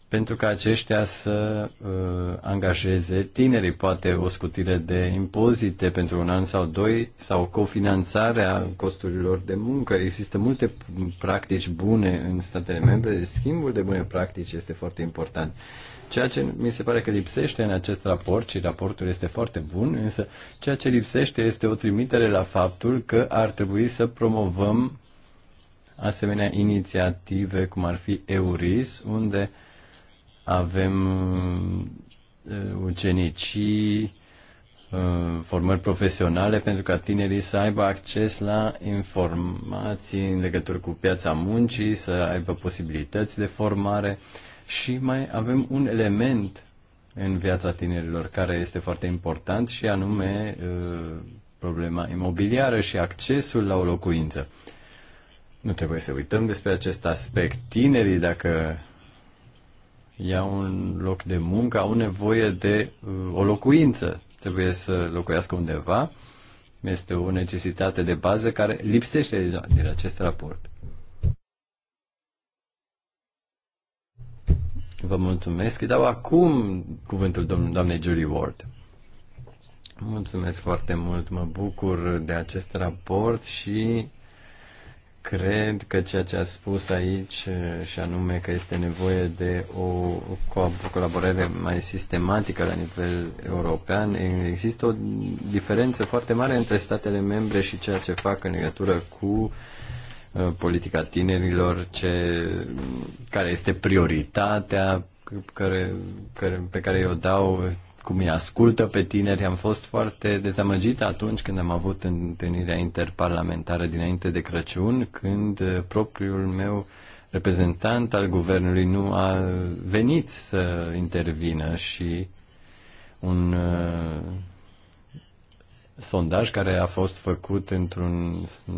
[SPEAKER 3] pentru ca aceștia să uh, angajeze tinerii, poate o scutire de impozite pentru un an sau doi, sau cofinanțarea costurilor de muncă. Există multe practici bune în statele membre, deci schimbul de bune practici este foarte important. Ceea ce mi se pare că lipsește în acest raport, și raportul este foarte bun, însă ceea ce lipsește este o trimitere la faptul că ar trebui să promovăm asemenea inițiative cum ar fi EURIS, unde uh, avem uh, ucenicii, uh, formări profesionale pentru ca tinerii să aibă acces la informații în legătură cu piața muncii, să aibă posibilități de formare și mai avem un element în viața tinerilor care este foarte important și anume uh, problema imobiliară și accesul la o locuință. Nu trebuie să uităm despre acest aspect. Tinerii, dacă iau un loc de muncă, au nevoie de uh, o locuință. Trebuie să locuiască undeva. Este o necesitate de bază care lipsește din acest raport. Vă mulțumesc. Dau acum cuvântul doamnei Julie Ward. Mulțumesc foarte mult. Mă bucur de acest raport și cred că ceea ce a spus aici, și anume că este nevoie de o colaborare mai sistematică la nivel european, există o diferență foarte mare între statele membre și ceea ce fac în legătură cu politica tinerilor, ce, care este prioritatea care, care, pe care eu dau cum îi ascultă pe tineri. Am fost foarte dezamăgit atunci când am avut întâlnirea interparlamentară dinainte de Crăciun, când uh, propriul meu reprezentant al guvernului nu a venit să intervină și un uh, sondaj care a fost făcut într-un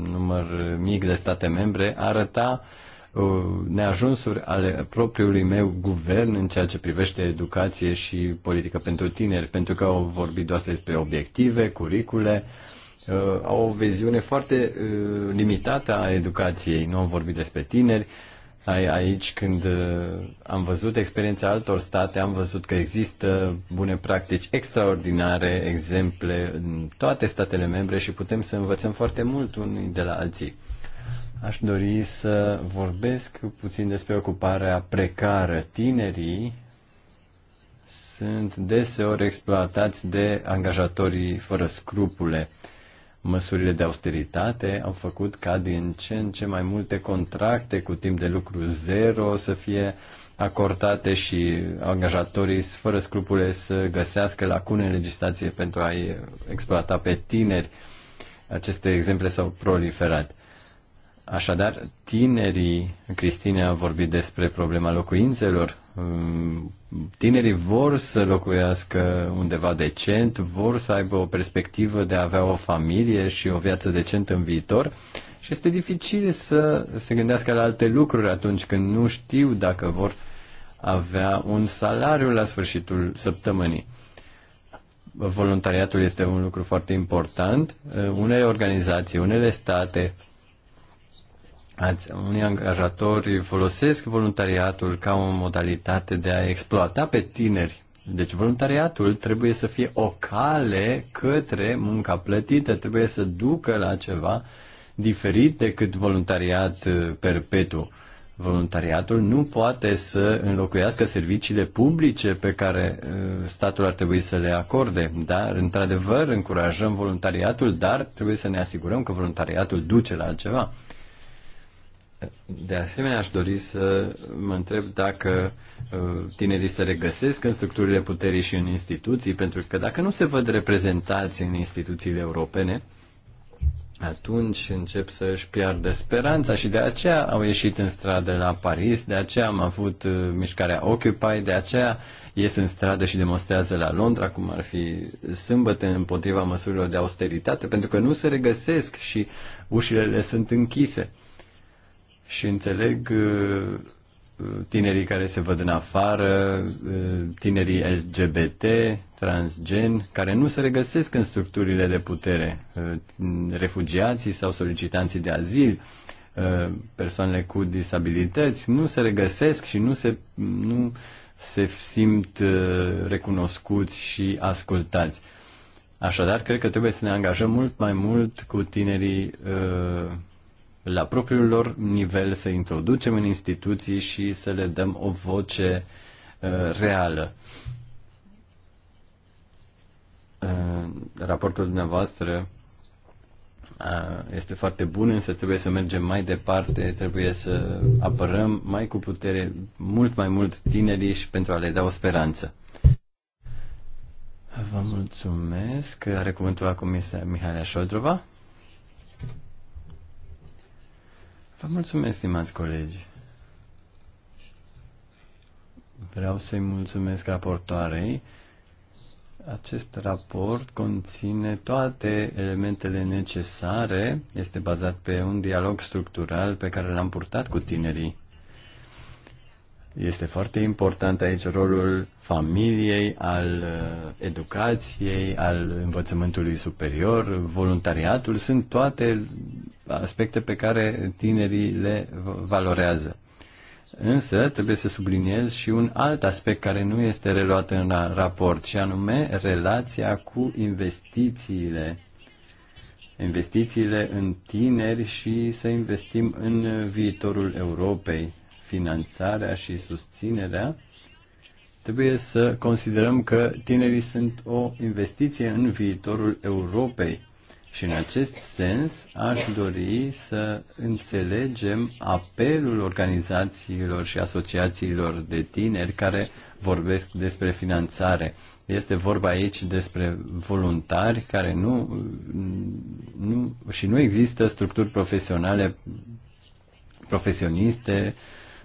[SPEAKER 3] număr mic de state membre arăta uh, Uh, neajunsuri ale propriului meu guvern în ceea ce privește educație și politică pentru tineri, pentru că au vorbit doar despre obiective, curicule, uh, au o viziune foarte uh, limitată a educației, nu au vorbit despre tineri. Aici, când am văzut experiența altor state, am văzut că există bune practici extraordinare, exemple în toate statele membre și putem să învățăm foarte mult unii de la alții. Aș dori să vorbesc puțin despre ocuparea precară. Tinerii sunt deseori exploatați de angajatorii fără scrupule. Măsurile de austeritate au făcut ca din ce în ce mai multe contracte cu timp de lucru zero să fie acordate și angajatorii fără scrupule să găsească lacune în legislație pentru a-i exploata pe tineri. Aceste exemple s-au proliferat. Așadar, tinerii, Cristine a vorbit despre problema locuințelor, mm, tinerii vor să locuiască undeva decent, vor să aibă o perspectivă de a avea o familie și o viață decentă în viitor și este dificil să se gândească la alte lucruri atunci când nu știu dacă vor avea un salariu la sfârșitul săptămânii voluntariatul este un lucru foarte important. Unele organizații, unele state Ați, unii angajatori folosesc voluntariatul ca o modalitate de a exploata pe tineri. Deci voluntariatul trebuie să fie o cale către munca plătită, trebuie să ducă la ceva diferit decât voluntariat uh, perpetu. Voluntariatul nu poate să înlocuiască serviciile publice pe care uh, statul ar trebui să le acorde. Dar, într-adevăr, încurajăm voluntariatul, dar trebuie să ne asigurăm că voluntariatul duce la ceva de asemenea, aș dori să mă întreb dacă uh, tinerii se regăsesc în structurile puterii și în instituții, pentru că dacă nu se văd reprezentați în instituțiile europene, atunci încep să își piardă speranța și de aceea au ieșit în stradă la Paris, de aceea am avut uh, mișcarea Occupy, de aceea ies în stradă și demonstrează la Londra, cum ar fi sâmbătă, împotriva măsurilor de austeritate, pentru că nu se regăsesc și ușile le sunt închise și înțeleg uh, tinerii care se văd în afară, uh, tinerii LGBT, transgen, care nu se regăsesc în structurile de putere, uh, refugiații sau solicitanții de azil, persoanele cu disabilități, nu se regăsesc și nu se, nu se simt recunoscuți și ascultați. Așadar, cred că trebuie să ne angajăm mult mai mult cu tinerii la propriul lor nivel, să introducem în instituții și să le dăm o voce uh, reală. Uh, raportul dumneavoastră uh, este foarte bun, însă trebuie să mergem mai departe, trebuie să apărăm mai cu putere, mult mai mult tinerii și pentru a le da o speranță. Vă mulțumesc. Are cuvântul la comisia Mihaela Șodrova. Vă mulțumesc, stimați colegi. Vreau să-i mulțumesc raportoarei. Acest raport conține toate elementele necesare, este bazat pe un dialog structural pe care l-am purtat cu tinerii este foarte important aici rolul familiei, al uh, educației, al învățământului superior, voluntariatul, sunt toate aspecte pe care tinerii le valorează. Însă trebuie să subliniez și un alt aspect care nu este reluat în raport, și anume relația cu investițiile. Investițiile în tineri și să investim în viitorul Europei finanțarea și susținerea, trebuie să considerăm că tinerii sunt o investiție în viitorul Europei. Și în acest sens aș dori să înțelegem apelul organizațiilor și asociațiilor de tineri care vorbesc despre finanțare. Este vorba aici despre voluntari care nu, nu și nu există structuri profesionale profesioniste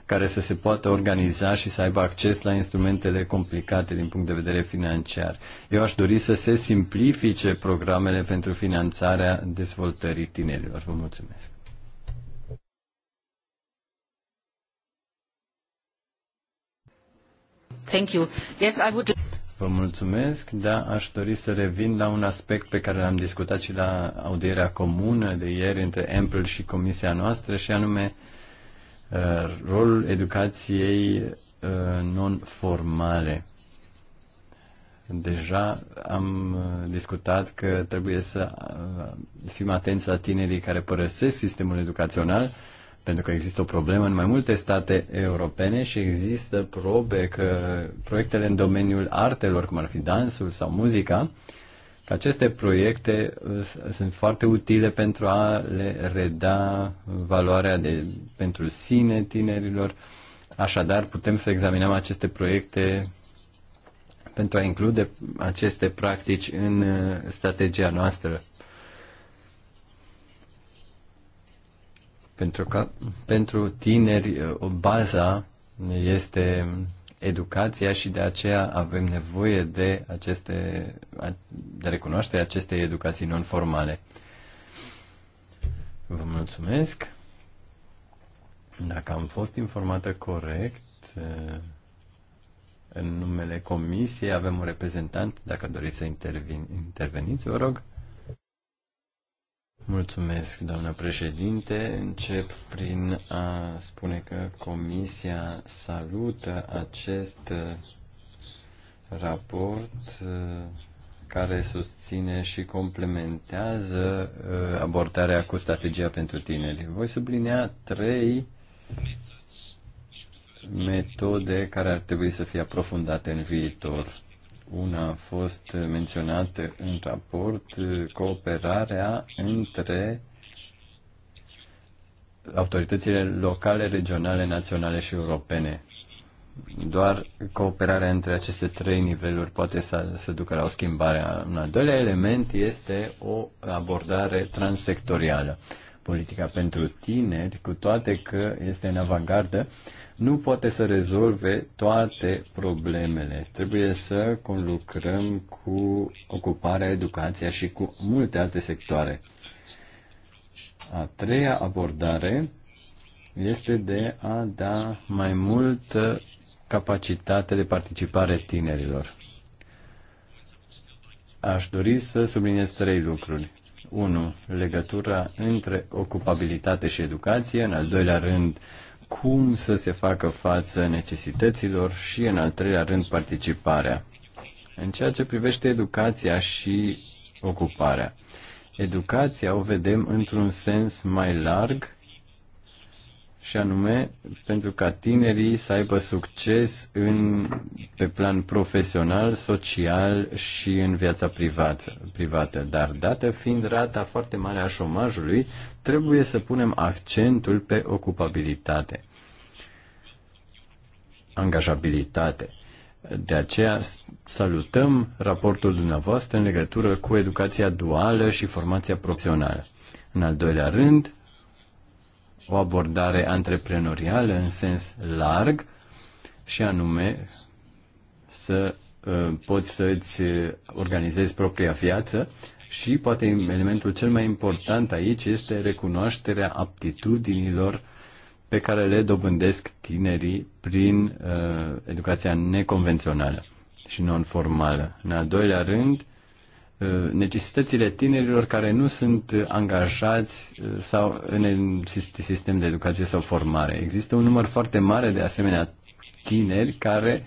[SPEAKER 3] care să se poată organiza și să aibă acces la instrumentele complicate din punct de vedere financiar. Eu aș dori să se simplifice programele pentru finanțarea dezvoltării tinerilor. Vă mulțumesc.
[SPEAKER 2] Thank you. Yes, I would...
[SPEAKER 3] Vă mulțumesc, da, aș dori să revin la un aspect pe care l-am discutat și la audierea comună de ieri între Ample și comisia noastră și anume Uh, rolul educației uh, non-formale. Deja am uh, discutat că trebuie să fim atenți la tinerii care părăsesc sistemul educațional, pentru că există o problemă în mai multe state europene și există probe că proiectele în domeniul artelor, cum ar fi dansul sau muzica, aceste proiecte uh, sunt foarte utile pentru a le reda valoarea de, pentru sine tinerilor. Așadar, putem să examinăm aceste proiecte pentru a include aceste practici în uh, strategia noastră. Pentru că pentru tineri o uh, baza este educația și de aceea avem nevoie de, aceste, de recunoaștere acestei educații non-formale. Vă mulțumesc. Dacă am fost informată corect, în numele comisiei avem un reprezentant, dacă doriți să interveniți, vă rog. Mulțumesc, doamnă președinte. Încep prin a spune că Comisia salută acest uh, raport uh, care susține și complementează uh, abordarea cu strategia pentru tineri. Voi sublinea trei metode care ar trebui să fie aprofundate în viitor. Una a fost menționată în raport, cooperarea între autoritățile locale, regionale, naționale și europene. Doar cooperarea între aceste trei niveluri poate să, să ducă la o schimbare. Un al doilea element este o abordare transsectorială. Uh, politica pentru tineri, cu toate că este în avangardă, nu poate să rezolve toate problemele. Trebuie să conlucrăm cu ocuparea, educația și cu multe alte sectoare. A treia abordare este de a da mai multă capacitate de participare tinerilor. Aș dori să subliniez trei lucruri. 1. Legătura între ocupabilitate și educație, în al doilea rând, cum să se facă față necesităților și, în al treilea rând, participarea. În ceea ce privește educația și ocuparea. Educația o vedem într-un sens mai larg și anume pentru ca tinerii să aibă succes în, pe plan profesional, social și în viața privată, privată. Dar dată fiind rata foarte mare a șomajului, trebuie să punem accentul pe ocupabilitate, angajabilitate. De aceea salutăm raportul dumneavoastră în legătură cu educația duală și formația profesională. În al doilea rând, o abordare antreprenorială în sens larg și anume să uh, poți să îți organizezi propria viață și poate elementul cel mai important aici este recunoașterea aptitudinilor pe care le dobândesc tinerii prin uh, educația neconvențională și non-formală. În al doilea rând, Uh, necesitățile tinerilor care nu sunt angajați uh, sau în sistem de educație sau formare. Există un număr foarte mare de asemenea tineri care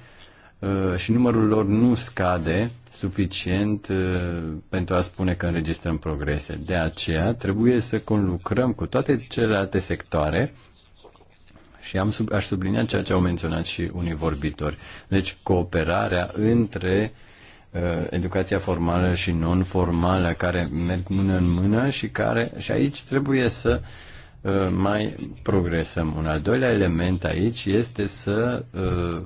[SPEAKER 3] uh, și numărul lor nu scade suficient pentru a spune că înregistrăm progrese. De aceea trebuie să conlucrăm cu toate celelalte sectoare și am sub, aș sublinia ceea ce au menționat și unii vorbitori. Deci cooperarea între uh, Uh, educația formală și non-formală care merg mână în mână și care și aici trebuie să uh, mai progresăm. Un al doilea element aici este să uh,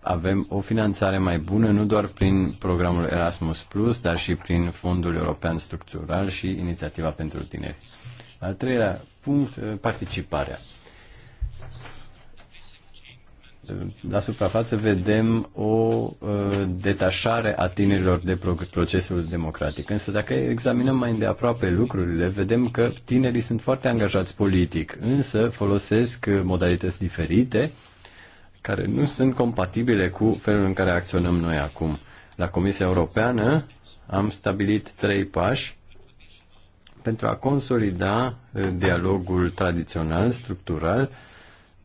[SPEAKER 3] avem o finanțare mai bună, nu doar prin programul Erasmus Plus, dar și prin Fondul European Structural și Inițiativa pentru Tineri. Al treilea punct, participarea la suprafață vedem o uh, detașare a tinerilor de procesul democratic. Însă dacă examinăm mai îndeaproape lucrurile, vedem că tinerii sunt foarte angajați politic, însă folosesc uh, modalități diferite care nu sunt compatibile cu felul în care acționăm noi acum. La Comisia Europeană am stabilit trei pași pentru a consolida uh, dialogul tradițional, structural,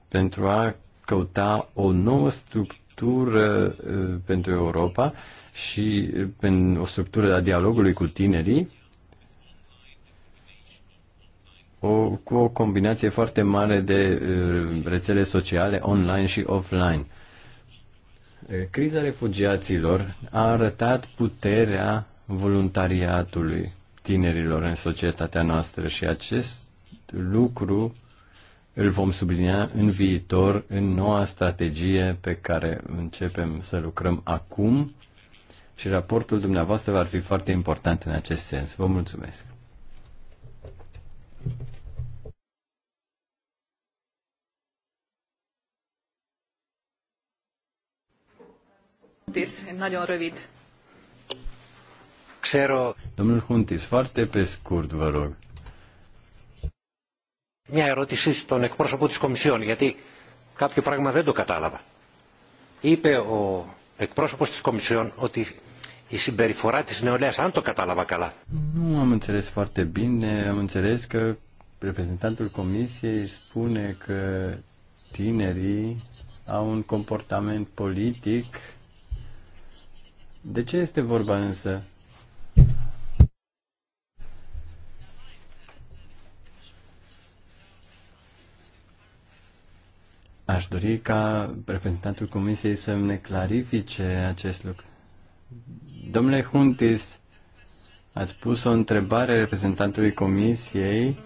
[SPEAKER 3] pentru a căuta o nouă structură uh, pentru Europa și uh, o structură a dialogului cu tinerii, o, cu o combinație foarte mare de uh, rețele sociale online și offline. Criza refugiaților a arătat puterea voluntariatului tinerilor în societatea noastră și acest lucru îl vom sublinia în viitor, în noua strategie pe care începem să lucrăm acum și raportul dumneavoastră va fi foarte important în acest sens. Vă mulțumesc! Xero. Domnul Huntis, foarte pe scurt, vă rog μια ερώτηση στον εκπρόσωπο της Κομισιόν, γιατί κάποιο πράγμα δεν το κατάλαβα. Είπε ο εκπρόσωπος της Κομισιόν ότι η συμπεριφορά της νεολαίας, αν το κατάλαβα καλά. Nu am înțeles foarte bine, am înțeles că reprezentantul Comisiei spune că tinerii au un comportament politic. De ce este vorba însă? Aș dori ca reprezentantul Comisiei să ne clarifice acest lucru. Domnule Huntis, ați pus o întrebare reprezentantului Comisiei.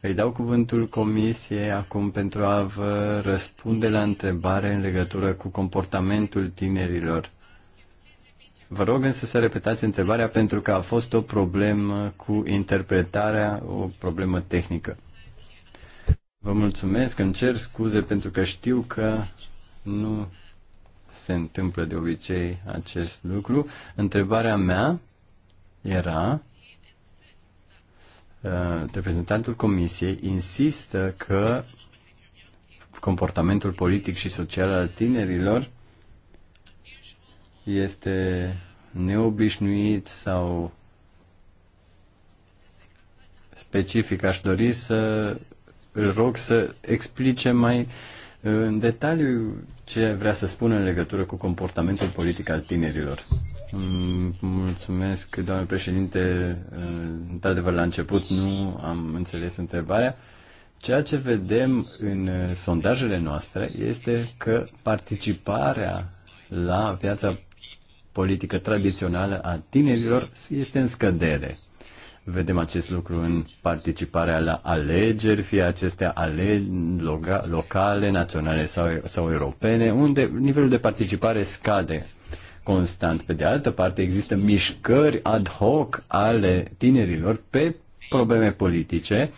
[SPEAKER 3] Îi dau cuvântul Comisiei acum pentru a vă răspunde la întrebare în legătură cu comportamentul tinerilor. Vă rog însă să repetați întrebarea pentru că a fost o problemă cu interpretarea, o problemă tehnică. Vă mulțumesc, îmi cer scuze pentru că știu că nu se întâmplă de obicei acest lucru. Întrebarea mea era, uh, reprezentantul Comisiei insistă că comportamentul politic și social al tinerilor este neobișnuit sau specific. Aș dori să îl rog să explice mai uh, în detaliu ce vrea să spună în legătură cu comportamentul politic al tinerilor. Mm, mulțumesc, doamne președinte. Uh, într-adevăr, la început nu am înțeles întrebarea. Ceea ce vedem în uh, sondajele noastre este că participarea la viața politică tradițională a tinerilor este în scădere. Vedem acest lucru în participarea la alegeri, fie acestea alegeri locale, naționale sau, sau europene, unde nivelul de participare scade constant. Pe de altă parte, există mișcări ad hoc ale tinerilor pe probleme politice,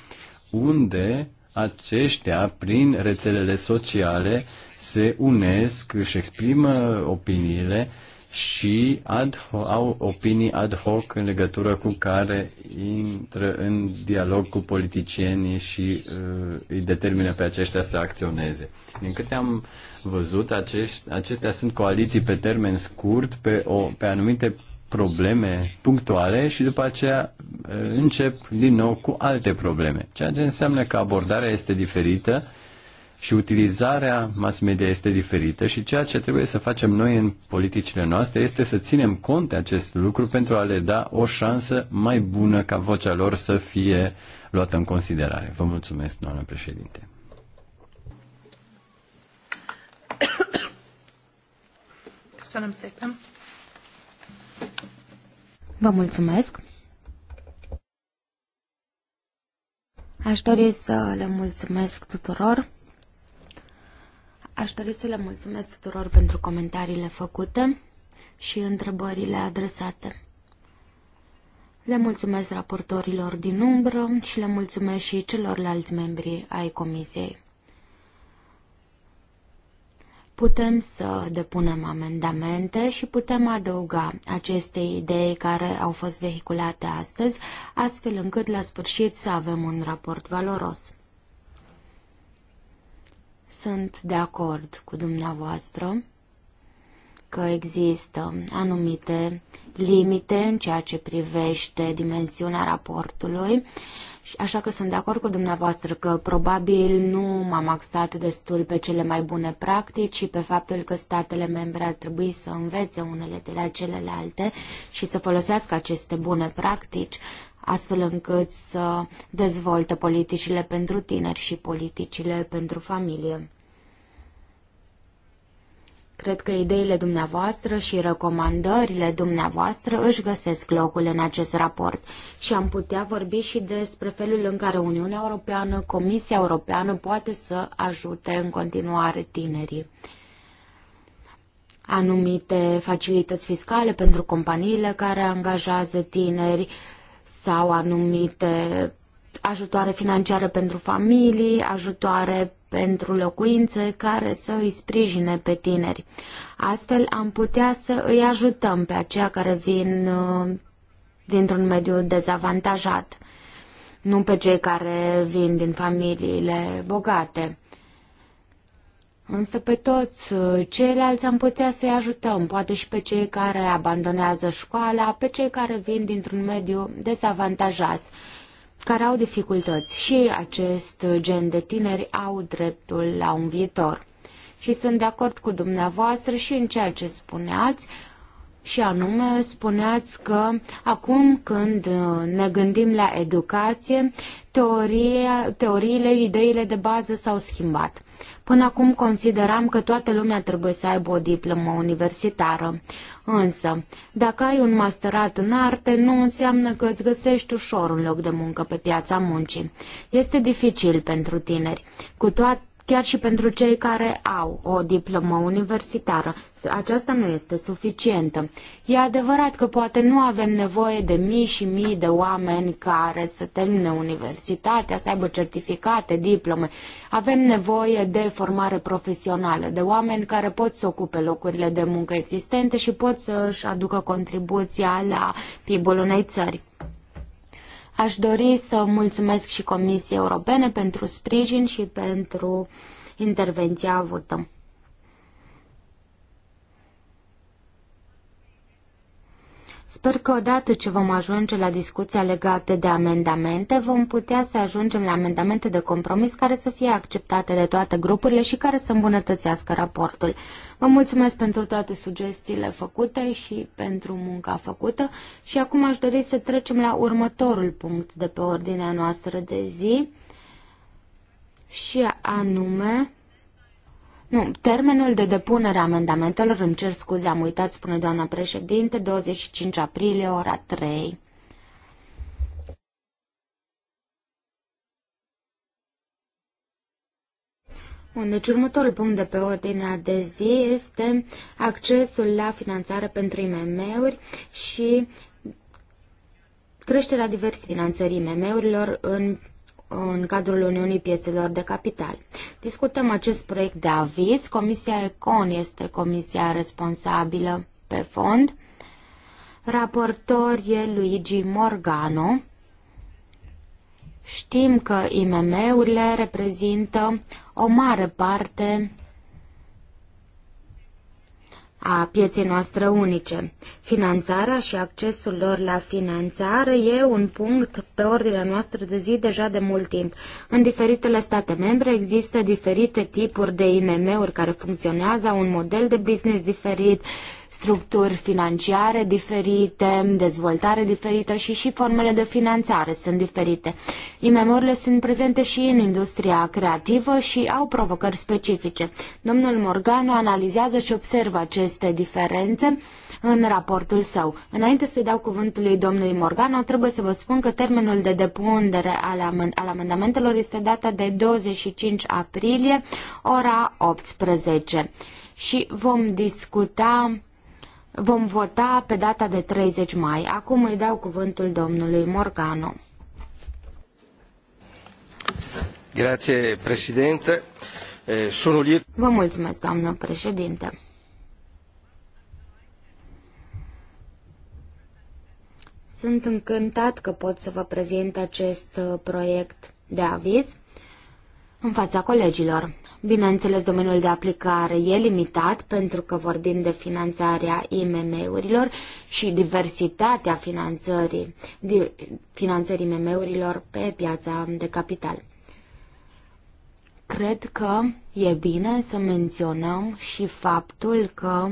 [SPEAKER 3] unde aceștia, prin rețelele sociale, se unesc, își exprimă opiniile și ad, au opinii ad hoc în legătură cu care intră în dialog cu politicienii și uh, îi determină pe aceștia să acționeze. Din câte am văzut, acești, acestea sunt coaliții pe termen scurt, pe, o, pe anumite probleme punctuale și după aceea uh, încep din nou cu alte probleme. Ceea ce înseamnă că abordarea este diferită și utilizarea mass media este diferită și ceea ce trebuie să facem noi în politicile noastre este să ținem cont de acest lucru pentru a le da o șansă mai bună ca vocea lor să fie luată în considerare. Vă mulțumesc, doamnă președinte.
[SPEAKER 1] Vă mulțumesc. Aș dori să le mulțumesc tuturor Aș dori să le mulțumesc tuturor pentru comentariile făcute și întrebările adresate. Le mulțumesc raportorilor din umbră și le mulțumesc și celorlalți membri ai comisiei. Putem să depunem amendamente și putem adăuga aceste idei care au fost vehiculate astăzi, astfel încât la sfârșit să avem un raport valoros. Sunt de acord cu dumneavoastră că există anumite limite în ceea ce privește dimensiunea raportului, așa că sunt de acord cu dumneavoastră că probabil nu m-am axat destul pe cele mai bune practici și pe faptul că statele membre ar trebui să învețe unele de la celelalte și să folosească aceste bune practici astfel încât să dezvoltă politicile pentru tineri și politicile pentru familie. Cred că ideile dumneavoastră și recomandările dumneavoastră își găsesc locul în acest raport și am putea vorbi și despre felul în care Uniunea Europeană, Comisia Europeană poate să ajute în continuare tinerii. Anumite facilități fiscale pentru companiile care angajează tineri, sau anumite ajutoare financiare pentru familii, ajutoare pentru locuințe care să îi sprijine pe tineri. Astfel am putea să îi ajutăm pe aceia care vin uh, dintr-un mediu dezavantajat, nu pe cei care vin din familiile bogate. Însă pe toți uh, ceilalți am putea să-i ajutăm, poate și pe cei care abandonează școala, pe cei care vin dintr-un mediu dezavantajat, care au dificultăți. Și acest gen de tineri au dreptul la un viitor. Și sunt de acord cu dumneavoastră și în ceea ce spuneați, și anume spuneați că acum când uh, ne gândim la educație, teoria, teoriile, ideile de bază s-au schimbat. Până acum consideram că toată lumea trebuie să aibă o diplomă universitară. Însă, dacă ai un masterat în arte, nu înseamnă că îți găsești ușor un loc de muncă pe piața muncii. Este dificil pentru tineri. Cu toate chiar și pentru cei care au o diplomă universitară. Aceasta nu este suficientă. E adevărat că poate nu avem nevoie de mii și mii de oameni care să termine universitatea, să aibă certificate, diplome. Avem nevoie de formare profesională, de oameni care pot să ocupe locurile de muncă existente și pot să își aducă contribuția la PIB-ul unei țări. Aș dori să mulțumesc și Comisiei Europene pentru sprijin și pentru intervenția avută. Sper că odată ce vom ajunge la discuția legată de amendamente, vom putea să ajungem la amendamente de compromis care să fie acceptate de toate grupurile și care să îmbunătățească raportul. Vă mulțumesc pentru toate sugestiile făcute și pentru munca făcută și acum aș dori să trecem la următorul punct de pe ordinea noastră de zi și anume nu, termenul de depunere a amendamentelor, îmi cer scuze, am uitat, spune doamna președinte, 25 aprilie, ora 3. Bun, deci următorul punct de pe ordinea de zi este accesul la finanțare pentru IMM-uri și creșterea diversității finanțării IMM-urilor în în cadrul Uniunii Piețelor de Capital. Discutăm acest proiect de aviz. Comisia ECON este comisia responsabilă pe fond. Raportor e Luigi Morgano. Știm că IMM-urile reprezintă o mare parte a pieței noastre unice. Finanțarea și accesul lor la finanțare e un punct pe ordinea noastră de zi deja de mult timp. În diferitele state membre există diferite tipuri de IMM-uri care funcționează, un model de business diferit, structuri financiare diferite, dezvoltare diferită și și formele de finanțare sunt diferite. IMM-urile sunt prezente și în industria creativă și au provocări specifice. Domnul Morgano analizează și observă aceste diferențe în raportul său. Înainte să-i dau cuvântul lui domnului Morgano, trebuie să vă spun că termenul de depunere al, amend al amendamentelor este data de 25 aprilie, ora 18. Și vom discuta Vom vota pe data de 30 mai. Acum îi dau cuvântul domnului Morgano.
[SPEAKER 3] Grazie, președinte.
[SPEAKER 1] Vă mulțumesc, doamnă președinte. Sunt încântat că pot să vă prezint acest uh, proiect de aviz în fața colegilor. Bineînțeles, domeniul de aplicare e limitat pentru că vorbim de finanțarea IMM-urilor și diversitatea finanțării, finanțării IMM-urilor pe piața de capital. Cred că e bine să menționăm și faptul că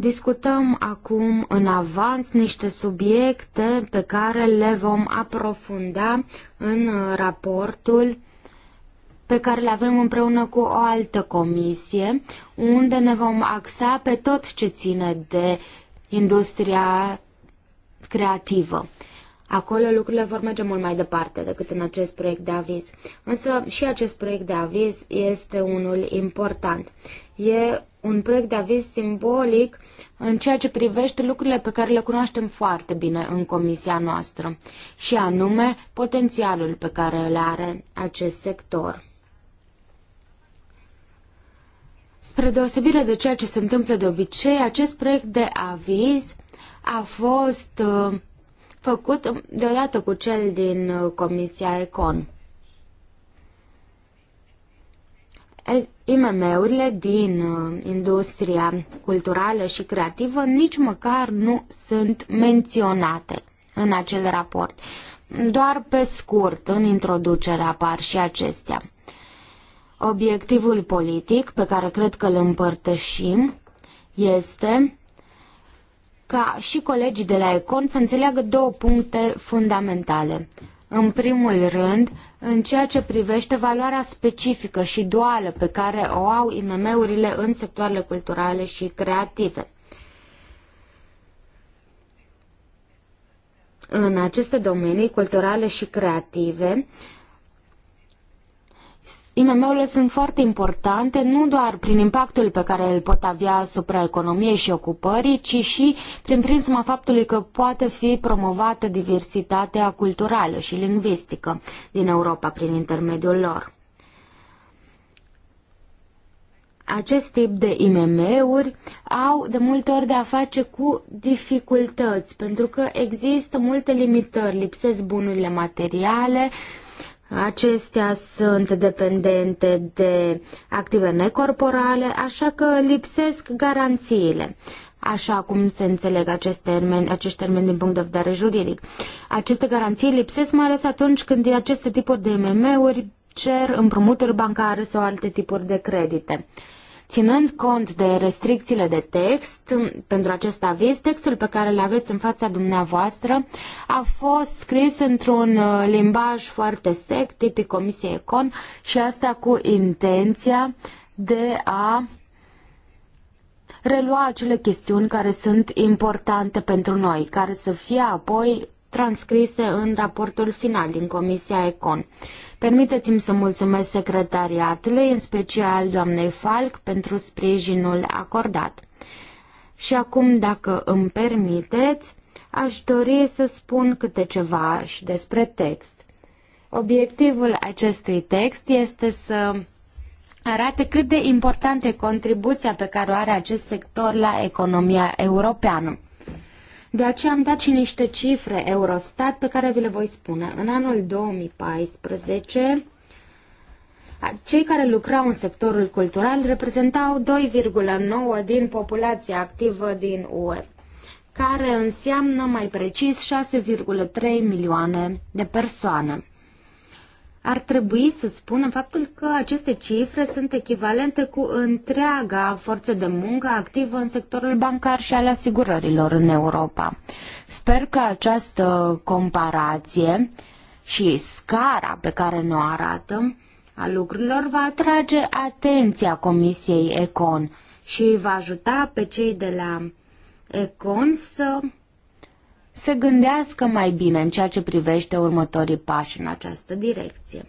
[SPEAKER 1] Discutăm acum în avans niște subiecte pe care le vom aprofunda în uh, raportul pe care le avem împreună cu o altă comisie, unde ne vom axa pe tot ce ține de industria creativă. Acolo lucrurile vor merge mult mai departe decât în acest proiect de aviz. Însă și acest proiect de aviz este unul important. E un proiect de aviz simbolic în ceea ce privește lucrurile pe care le cunoaștem foarte bine în comisia noastră, și anume potențialul pe care îl are acest sector. Spre deosebire de ceea ce se întâmplă de obicei, acest proiect de aviz a fost uh, făcut deodată cu cel din uh, Comisia Econ. IMM-urile din uh, industria culturală și creativă nici măcar nu sunt menționate în acel raport. Doar pe scurt, în introducere apar și acestea. Obiectivul politic, pe care cred că îl împărtășim, este ca și colegii de la Econ să înțeleagă două puncte fundamentale. În primul rând, în ceea ce privește valoarea specifică și duală pe care o au IMM-urile în sectoarele culturale și creative. În aceste domenii culturale și creative, IMM-urile sunt foarte importante nu doar prin impactul pe care îl pot avea asupra economiei și ocupării, ci și prin prisma faptului că poate fi promovată diversitatea culturală și lingvistică din Europa prin intermediul lor. Acest tip de IMM-uri au de multe ori de a face cu dificultăți, pentru că există multe limitări, lipsesc bunurile materiale, uh, Acestea sunt dependente de active necorporale, așa că lipsesc garanțiile așa cum se înțeleg acest termen, acest termen din punct de vedere juridic. Aceste garanții lipsesc mai ales atunci când aceste tipuri de MM-uri cer împrumuturi bancare sau alte tipuri de credite. Ținând cont de restricțiile de text pentru acest aviz, textul pe care îl aveți în fața dumneavoastră a fost scris într-un uh, limbaj foarte sec, tipic Comisiei Econ, și asta cu intenția de a relua acele chestiuni care sunt importante pentru noi, care să fie apoi transcrise în raportul final din Comisia Econ. Permiteți-mi să mulțumesc secretariatului, în special doamnei Falc, pentru sprijinul acordat. Și acum, dacă îmi permiteți, aș dori să spun câte ceva și despre text. Obiectivul acestui text este să arate cât de importantă e contribuția pe care o are acest sector la economia europeană. De aceea am dat și niște cifre Eurostat pe care vi le voi spune. În anul 2014, cei care lucrau în sectorul cultural reprezentau 2,9 din populația activă din UE, care înseamnă mai precis 6,3 milioane de persoane ar trebui să spunem faptul că aceste cifre sunt echivalente cu întreaga forță de muncă activă în sectorul bancar și al asigurărilor în Europa. Sper că această comparație și scara pe care ne-o arată a lucrurilor va atrage atenția Comisiei Econ și va ajuta pe cei de la Econ să se gândească mai bine în ceea ce privește următorii pași în această direcție.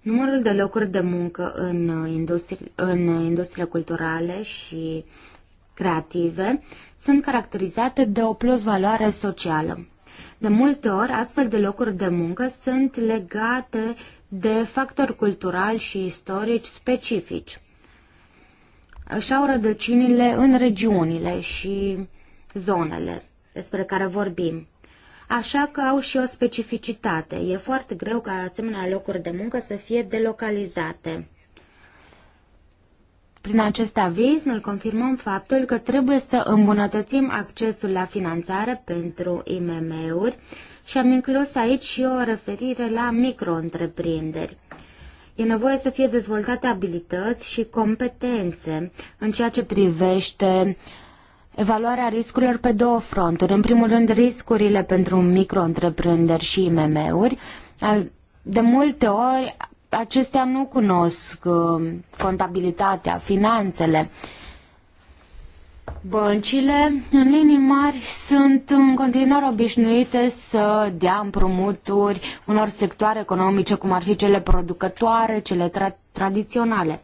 [SPEAKER 1] Numărul de locuri de muncă în, industri- în industriile culturale și creative sunt caracterizate de o plusvaloare socială. De multe ori, astfel de locuri de muncă sunt legate de factori culturali și istorici specifici își au rădăcinile în regiunile și zonele despre care vorbim. Așa că au și o specificitate. E foarte greu ca asemenea locuri de muncă să fie delocalizate. Prin acest aviz, noi confirmăm faptul că trebuie să îmbunătățim accesul la finanțare pentru IMM-uri și am inclus aici și o referire la micro-întreprinderi. E nevoie să fie dezvoltate abilități și competențe în ceea ce privește evaluarea riscurilor pe două fronturi. În primul rând, riscurile pentru micro-întreprinderi și IMM-uri. De multe ori, acestea nu cunosc uh, contabilitatea, finanțele Băncile, în linii mari, sunt în continuare obișnuite să dea împrumuturi unor sectoare economice, cum ar fi cele producătoare, cele tra- tradiționale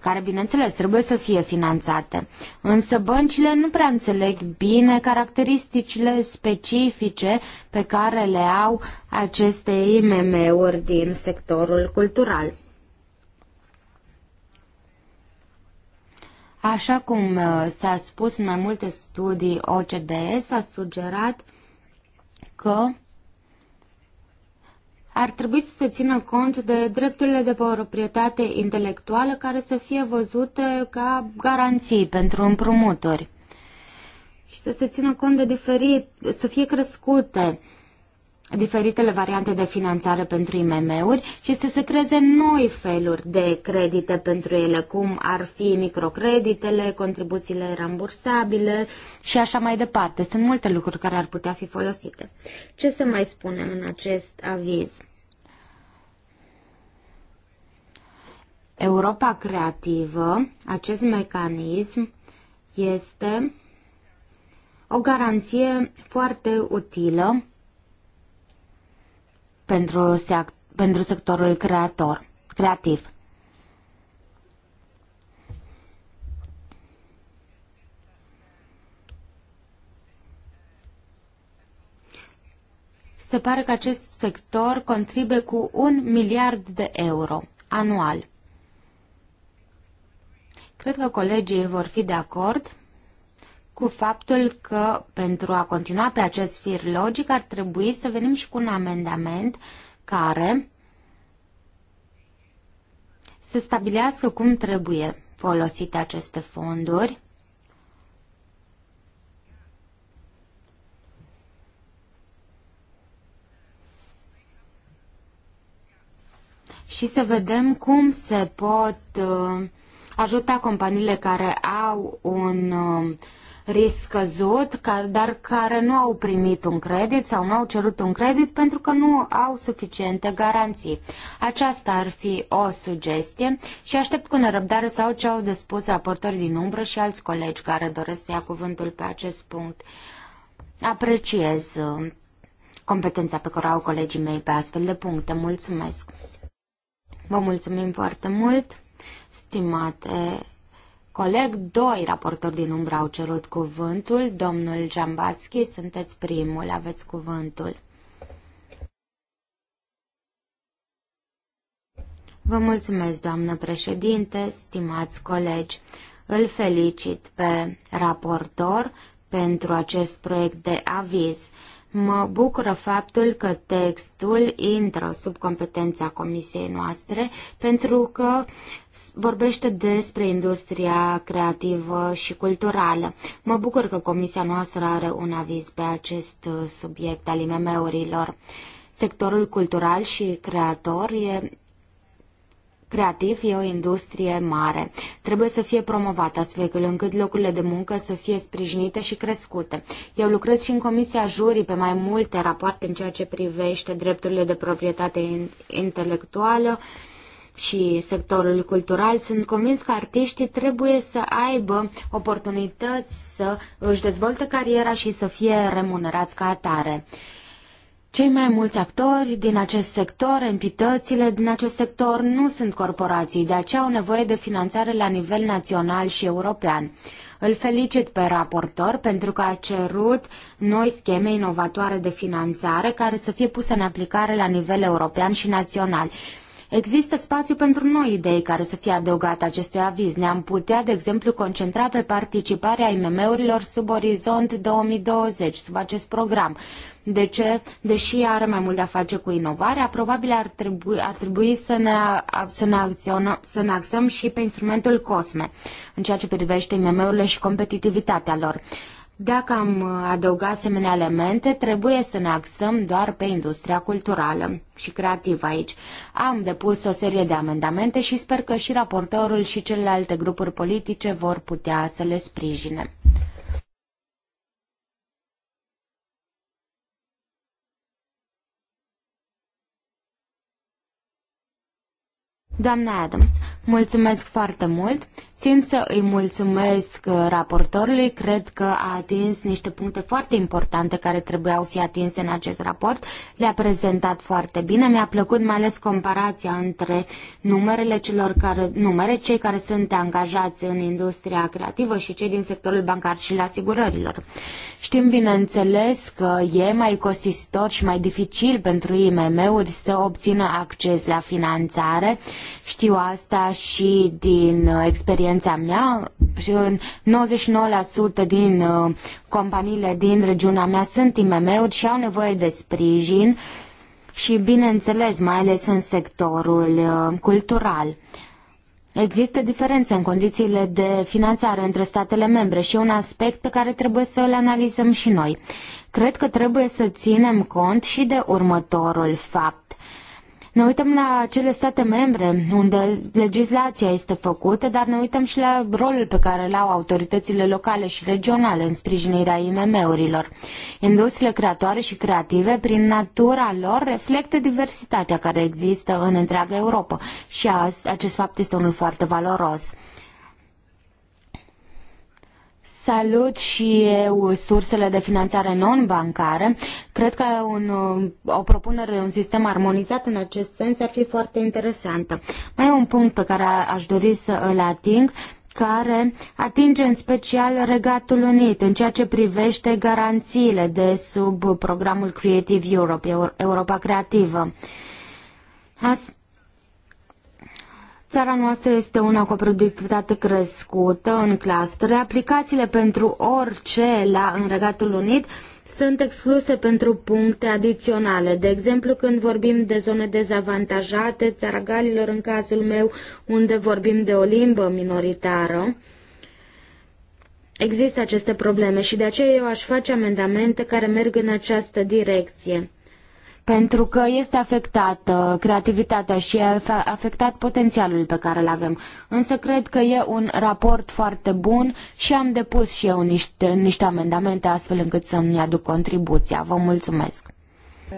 [SPEAKER 1] care, bineînțeles, trebuie să fie finanțate. Însă băncile nu prea înțeleg bine caracteristicile specifice pe care le au aceste IMM-uri din sectorul cultural. Așa cum uh, s-a spus în mai multe studii OCDE, s-a sugerat că ar trebui să se țină cont de drepturile de proprietate intelectuală care să fie văzute ca garanții pentru împrumuturi și să se țină cont de diferit, să fie crescute diferitele variante de finanțare pentru IMM-uri și să se creeze noi feluri de credite pentru ele, cum ar fi microcreditele, contribuțiile rambursabile și așa mai departe. Sunt multe lucruri care ar putea fi folosite. Ce să mai spunem în acest aviz? Europa creativă, acest mecanism este o garanție foarte utilă pentru, sec- pentru sectorul creator, creativ. se pare că acest sector contribuie cu un miliard de euro anual. Cred că colegii vor fi de acord cu faptul că pentru a continua pe acest fir logic ar trebui să venim și cu un amendament care să stabilească cum trebuie folosite aceste fonduri și să vedem cum se pot uh, ajuta companiile care au un uh, risc scăzut, dar care nu au primit un credit sau nu au cerut un credit pentru că nu au suficiente garanții. Aceasta ar fi o sugestie și aștept cu nerăbdare sau ce au de spus raportorii din umbră și alți colegi care doresc să ia cuvântul pe acest punct. Apreciez uh, competența pe care o au colegii mei pe astfel de puncte. Mulțumesc! Vă mulțumim foarte mult, stimate coleg, doi raportori din umbră au cerut cuvântul. Domnul Jambatski, sunteți primul, aveți cuvântul. Vă mulțumesc, doamnă președinte, stimați colegi. Îl felicit pe raportor pentru acest proiect de aviz. Mă bucură faptul că textul intră sub competența comisiei noastre pentru că vorbește despre industria creativă și culturală. Mă bucur că comisia noastră are un aviz pe acest subiect al IMM-urilor. Sectorul cultural și creator e Creativ e o industrie mare. Trebuie să fie promovată astfel încât locurile de muncă să fie sprijinite și crescute. Eu lucrez și în Comisia Jurii pe mai multe rapoarte în ceea ce privește drepturile de proprietate intelectuală și sectorul cultural. Sunt convins că artiștii trebuie să aibă oportunități să își dezvolte cariera și să fie remunerați ca atare. Cei mai mulți actori din acest sector, entitățile din acest sector, nu sunt corporații, de aceea au nevoie de finanțare la nivel național și european. Îl felicit pe raportor pentru că a cerut noi scheme inovatoare de finanțare care să fie puse în aplicare la nivel european și național. Există spațiu pentru noi idei care să fie adăugate acestui aviz. Ne-am putea, de exemplu, concentra pe participarea IMM-urilor sub orizont 2020, sub acest program de ce? Deși are mai mult de a face cu inovarea, probabil ar trebui, ar trebui să, ne, să, ne acționă, să ne axăm și pe instrumentul COSME, în ceea ce privește IMM-urile și competitivitatea lor. Dacă am adăugat asemenea elemente, trebuie să ne axăm doar pe industria culturală și creativă aici. Am depus o serie de amendamente și sper că și raportorul și celelalte grupuri politice vor putea să le sprijine. Doamna Adams, mulțumesc foarte mult. Țin să îi mulțumesc uh, raportorului. Cred că a atins niște puncte foarte importante care trebuiau fi atinse în acest raport. Le-a prezentat foarte bine. Mi-a plăcut mai ales comparația între numerele celor care, numere, cei care sunt angajați în industria creativă și cei din sectorul bancar și la asigurărilor. Știm, bineînțeles, că e mai costisitor și mai dificil pentru IMM-uri să obțină acces la finanțare știu asta și din uh, experiența mea. Și în 99% din uh, companiile din regiunea mea sunt IMM-uri și au nevoie de sprijin și, bineînțeles, mai ales în sectorul uh, cultural. Există diferențe în condițiile de finanțare între statele membre și un aspect pe care trebuie să îl analizăm și noi. Cred că trebuie să ținem cont și de următorul fapt. Ne uităm la cele state membre unde legislația este făcută, dar ne uităm și la rolul pe care îl au autoritățile locale și regionale în sprijinirea IMM-urilor. Industriile creatoare și creative, prin natura lor, reflectă diversitatea care există în întreaga Europa și acest fapt este unul foarte valoros. Salut și eu sursele de finanțare non-bancare. Cred că un, o propunere, un sistem armonizat în acest sens ar fi foarte interesantă. Mai e un punct pe care aș dori să îl ating care atinge în special Regatul Unit în ceea ce privește garanțiile de sub programul Creative Europe, Europa Creativă. Asta Țara noastră este una cu o productivitate crescută în clastere. Aplicațiile pentru orice la în Regatul Unit sunt excluse pentru puncte adiționale. De exemplu, când vorbim de zone dezavantajate, țara Galilor, în cazul meu, unde vorbim de o limbă minoritară, există aceste probleme și de aceea eu aș face amendamente care merg în această direcție pentru că este afectată creativitatea și e afectat potențialul pe care îl avem. Însă cred că e un raport foarte bun și am depus și eu niște, niște amendamente astfel încât să-mi aduc contribuția. Vă mulțumesc.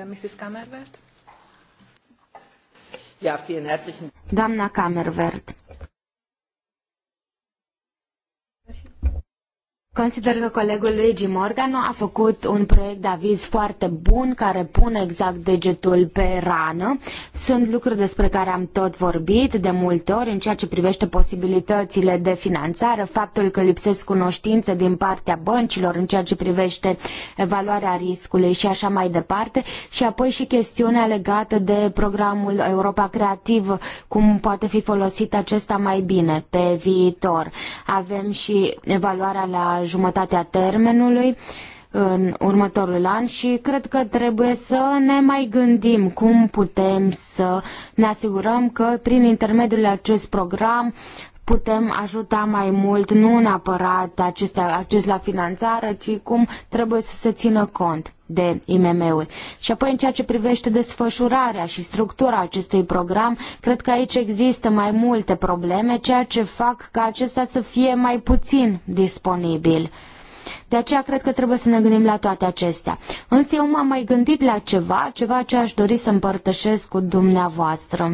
[SPEAKER 2] Mrs. Camervert?
[SPEAKER 1] Doamna Camerwert. Consider că colegul Luigi Morgano a făcut un proiect de aviz foarte bun care pune exact degetul pe rană. Sunt lucruri despre care am tot vorbit de multe ori în ceea ce privește posibilitățile de finanțare, faptul că lipsesc cunoștințe din partea băncilor în ceea ce privește evaluarea riscului și așa mai departe și apoi și chestiunea legată de programul Europa Creativ, cum poate fi folosit acesta mai bine pe viitor. Avem și evaluarea la jumătatea termenului în următorul an și cred că trebuie să ne mai gândim cum putem să ne asigurăm că prin intermediul acest program putem ajuta mai mult, nu neapărat acestea, acces la finanțare, ci cum trebuie să se țină cont de IMM-uri. Și apoi în ceea ce privește desfășurarea și structura acestui program, cred că aici există mai multe probleme, ceea ce fac ca acesta să fie mai puțin disponibil. De aceea cred că trebuie să ne gândim la toate acestea. Însă eu m-am mai gândit la ceva, ceva ce aș dori să împărtășesc cu dumneavoastră.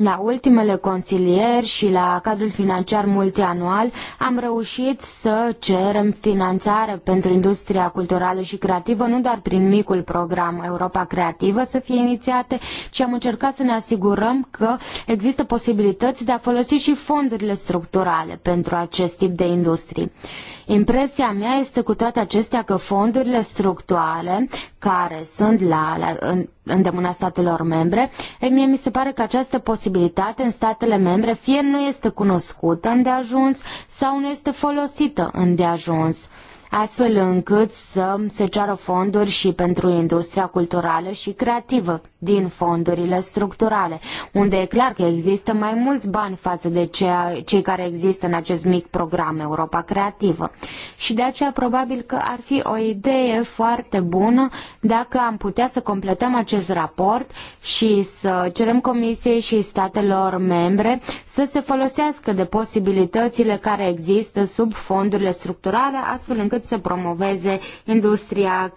[SPEAKER 1] La ultimele consilieri și la cadrul financiar multianual am reușit să cerem finanțare pentru industria culturală și creativă, nu doar prin micul program Europa Creativă să fie inițiate, ci am încercat să ne asigurăm că există posibilități de a folosi și fondurile structurale pentru acest tip de industrii. Impresia mea este cu toate acestea că fondurile structurale care sunt la, la în, îndemâna statelor membre, mie mi se pare că această posibilitate posibilitate în statele membre fie nu este cunoscută îndeajuns sau nu este folosită îndeajuns astfel încât să se ceară fonduri și pentru industria culturală și creativă din fondurile structurale, unde e clar că există mai mulți bani față de cea, cei care există în acest mic program Europa Creativă. Și de aceea probabil că ar fi o idee foarte bună dacă am putea să completăm acest raport și să cerem Comisiei și statelor membre să se folosească de posibilitățile care există sub fondurile structurale, astfel încât cât să promoveze industria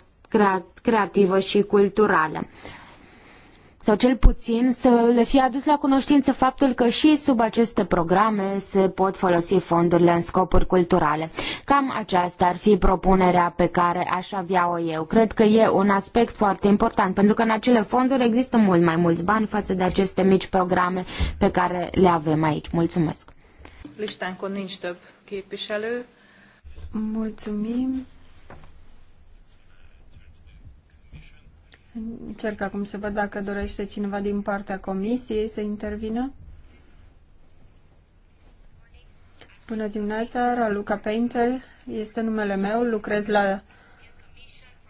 [SPEAKER 1] creativă și culturală sau cel puțin să le fie adus la cunoștință faptul că și sub aceste programe se pot folosi fondurile în scopuri culturale. Cam aceasta ar fi propunerea pe care aș avea-o eu. Cred că e un aspect foarte important, pentru că în acele fonduri există mult mai mulți bani față de aceste mici programe pe care le avem aici. Mulțumesc!
[SPEAKER 2] Mulțumim. Încerc acum să văd dacă dorește cineva din partea comisiei să intervină. Bună dimineața, Raluca Painter este numele meu, lucrez la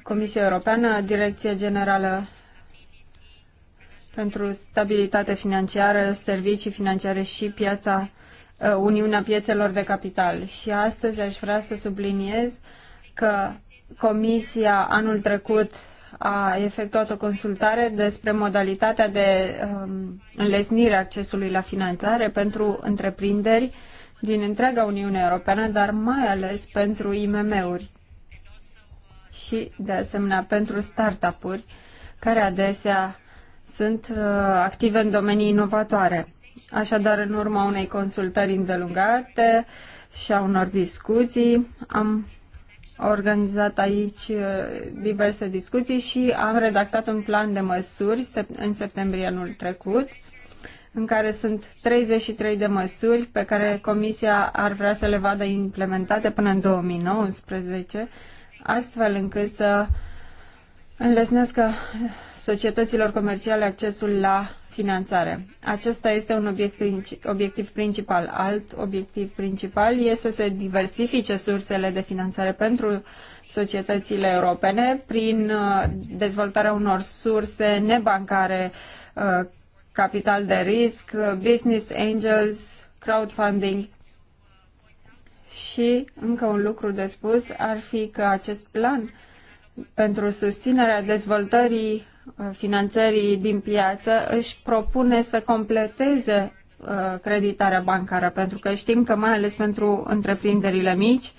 [SPEAKER 2] Comisia Europeană, Direcția Generală pentru Stabilitate Financiară, Servicii Financiare și Piața Uh, Uniunea Piețelor de Capital. Și astăzi aș vrea să subliniez că Comisia anul trecut a efectuat o consultare despre modalitatea de um, înlesnire accesului la finanțare pentru întreprinderi din întreaga Uniune Europeană, dar mai ales pentru IMM-uri și, de asemenea, pentru startup-uri, care adesea sunt uh, active în domenii inovatoare. Așadar, în urma unei consultări îndelungate și a unor discuții, am organizat aici uh, diverse discuții și am redactat un plan de măsuri în septembrie anul trecut, în care sunt 33 de măsuri pe care Comisia ar vrea să le vadă implementate până în 2019, astfel încât să uh, înlesnească societăților comerciale accesul la finanțare. Acesta este un obiect, obiectiv principal. Alt obiectiv principal este să se diversifice sursele de finanțare pentru societățile europene prin uh, dezvoltarea unor surse nebancare, uh, capital de risc, business angels, crowdfunding. Și încă un lucru de spus ar fi că acest plan pentru susținerea dezvoltării uh, finanțării din piață își propune să completeze uh, creditarea bancară, pentru că știm că mai ales pentru întreprinderile mici,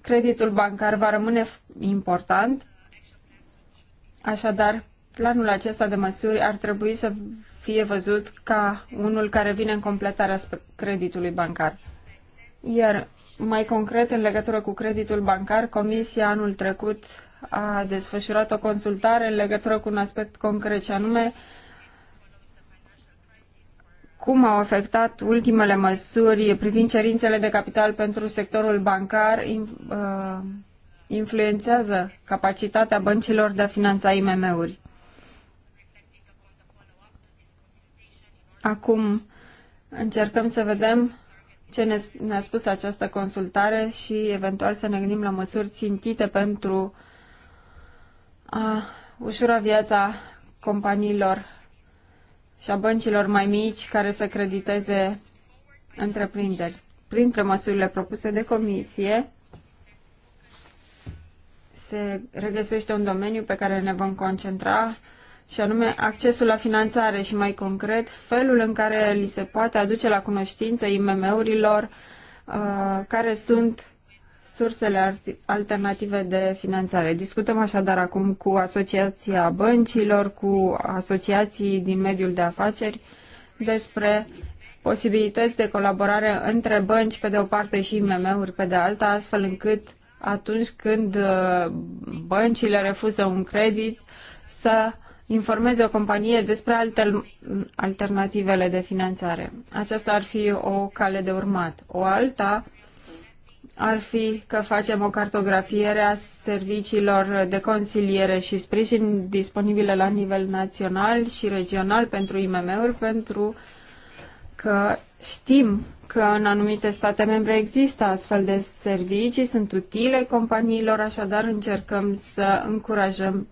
[SPEAKER 2] creditul bancar va rămâne important. Așadar, planul acesta de măsuri ar trebui să fie văzut ca unul care vine în completarea creditului bancar. Iar mai concret, în legătură cu creditul bancar, Comisia anul trecut a desfășurat o consultare în legătură cu un aspect concret, și anume cum au afectat ultimele măsuri privind cerințele de capital pentru sectorul bancar uh, influențează capacitatea băncilor de a finanța IMM-uri. Acum încercăm să vedem ce ne-a spus această consultare și eventual să ne gândim la măsuri țintite pentru a ușura viața companiilor și a băncilor mai mici care să crediteze întreprinderi. Printre măsurile propuse de comisie se regăsește un domeniu pe care ne vom concentra și anume accesul la finanțare și mai concret felul în care li se poate aduce la cunoștință IMM-urilor uh, care sunt sursele alternative de finanțare. Discutăm așadar acum cu Asociația Băncilor, cu asociații din mediul de afaceri despre posibilități de colaborare între bănci pe de o parte și IMM-uri pe de alta, astfel încât atunci când uh, băncile refuză un credit să informeze o companie despre alter, alternativele de finanțare. Aceasta ar fi o cale de urmat. O alta ar fi că facem o cartografiere a serviciilor de consiliere și sprijin disponibile la nivel național și regional pentru IMM-uri, pentru că știm că în anumite state membre există astfel de servicii, sunt utile companiilor, așadar încercăm să încurajăm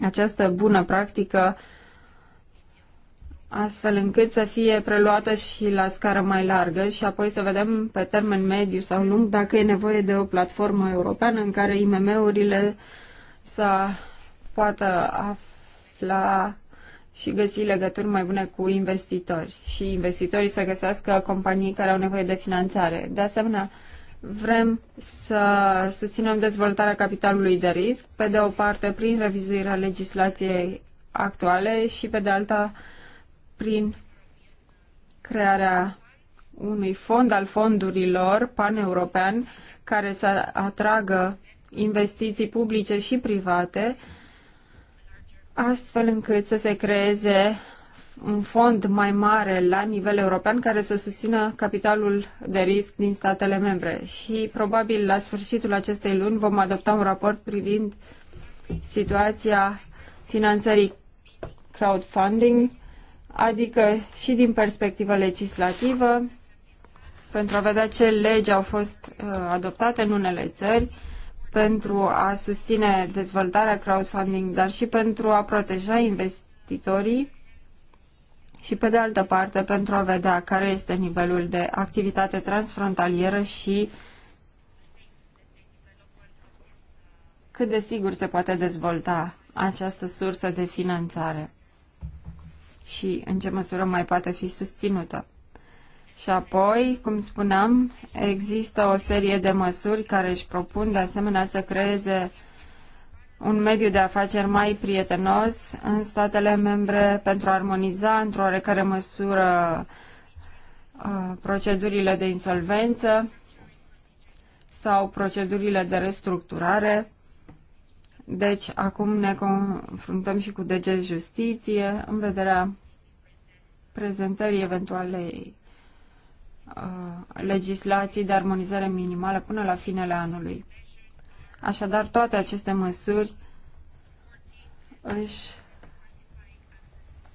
[SPEAKER 2] această bună practică astfel încât să fie preluată și la scară mai largă și apoi să vedem pe termen mediu sau lung dacă e nevoie de o platformă europeană în care IMM-urile să poată afla și găsi legături mai bune cu investitori și investitorii să găsească companii care au nevoie de finanțare. De asemenea, vrem să susținem dezvoltarea capitalului de risc, pe de o parte prin revizuirea legislației actuale și pe de alta prin crearea unui fond al fondurilor paneuropean care să atragă investiții publice și private, astfel încât să se creeze un fond mai mare la nivel european care să susțină capitalul de risc din statele membre. Și probabil la sfârșitul acestei luni vom adopta un raport privind situația finanțării crowdfunding adică și din perspectivă legislativă, pentru a vedea ce legi au fost uh, adoptate în unele țări, pentru a susține dezvoltarea crowdfunding, dar și pentru a proteja investitorii și, pe de altă parte, pentru a vedea care este nivelul de activitate transfrontalieră și cât de sigur se poate dezvolta această sursă de finanțare și în ce măsură mai poate fi susținută. Și apoi, cum spuneam, există o serie de măsuri care își propun de asemenea să creeze un mediu de afaceri mai prietenos în statele membre pentru a armoniza într-o oarecare măsură uh, procedurile de insolvență sau procedurile de restructurare deci, acum ne confruntăm și cu DG Justiție în vederea prezentării eventualei uh, legislații de armonizare minimală până la finele anului. Așadar, toate aceste măsuri își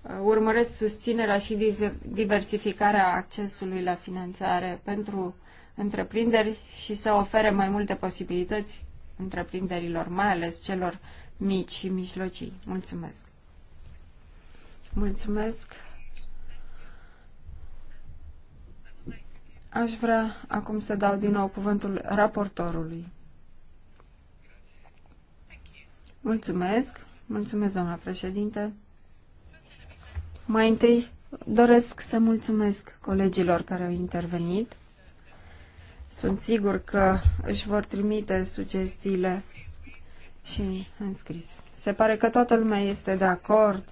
[SPEAKER 2] uh, urmăresc susținerea și diversificarea accesului la finanțare pentru întreprinderi și să ofere mai multe posibilități întreprinderilor, mai ales celor mici și mijlocii. Mulțumesc! Mulțumesc! Aș vrea acum să dau din nou cuvântul raportorului. Mulțumesc! Mulțumesc, doamna președinte! Mai întâi doresc să mulțumesc colegilor care au intervenit sunt sigur că își vor trimite sugestiile și înscris. Se pare că toată lumea este de acord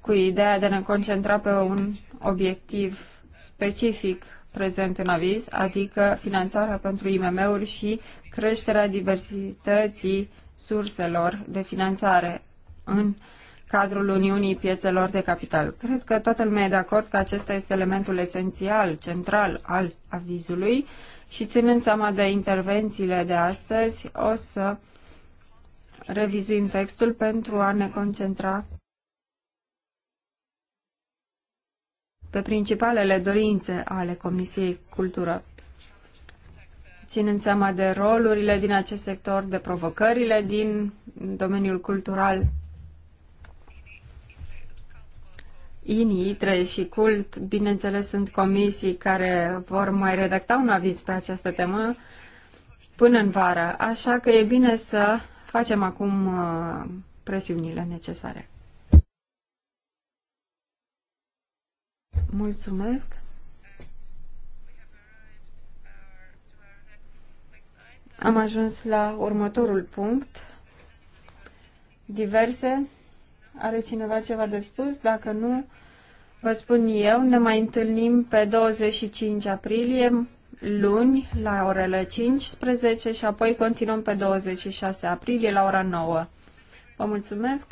[SPEAKER 2] cu ideea de a ne concentra pe un obiectiv specific prezent în aviz, adică finanțarea pentru IMM-uri și creșterea diversității surselor de finanțare în uh, cadrul Uniunii Piețelor de Capital. Cred că toată lumea e de acord că acesta este elementul esențial, central al avizului și ținând seama de intervențiile de astăzi, o să revizuim textul pentru a ne concentra pe principalele dorințe ale Comisiei Cultură ținând seama de rolurile din acest sector, de provocările din domeniul cultural INI, trei și CULT, bineînțeles, sunt comisii care vor mai redacta un aviz pe această temă până în vară, așa că e bine să facem acum uh, presiunile necesare. Mulțumesc! Am ajuns la următorul punct. Diverse are cineva ceva de spus? Dacă nu, vă spun eu, ne mai întâlnim pe 25 aprilie, luni, la orele 15 și apoi continuăm pe 26 aprilie la ora 9. Vă mulțumesc!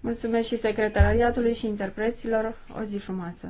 [SPEAKER 2] Mulțumesc și secretariatului și interpreților. O zi frumoasă!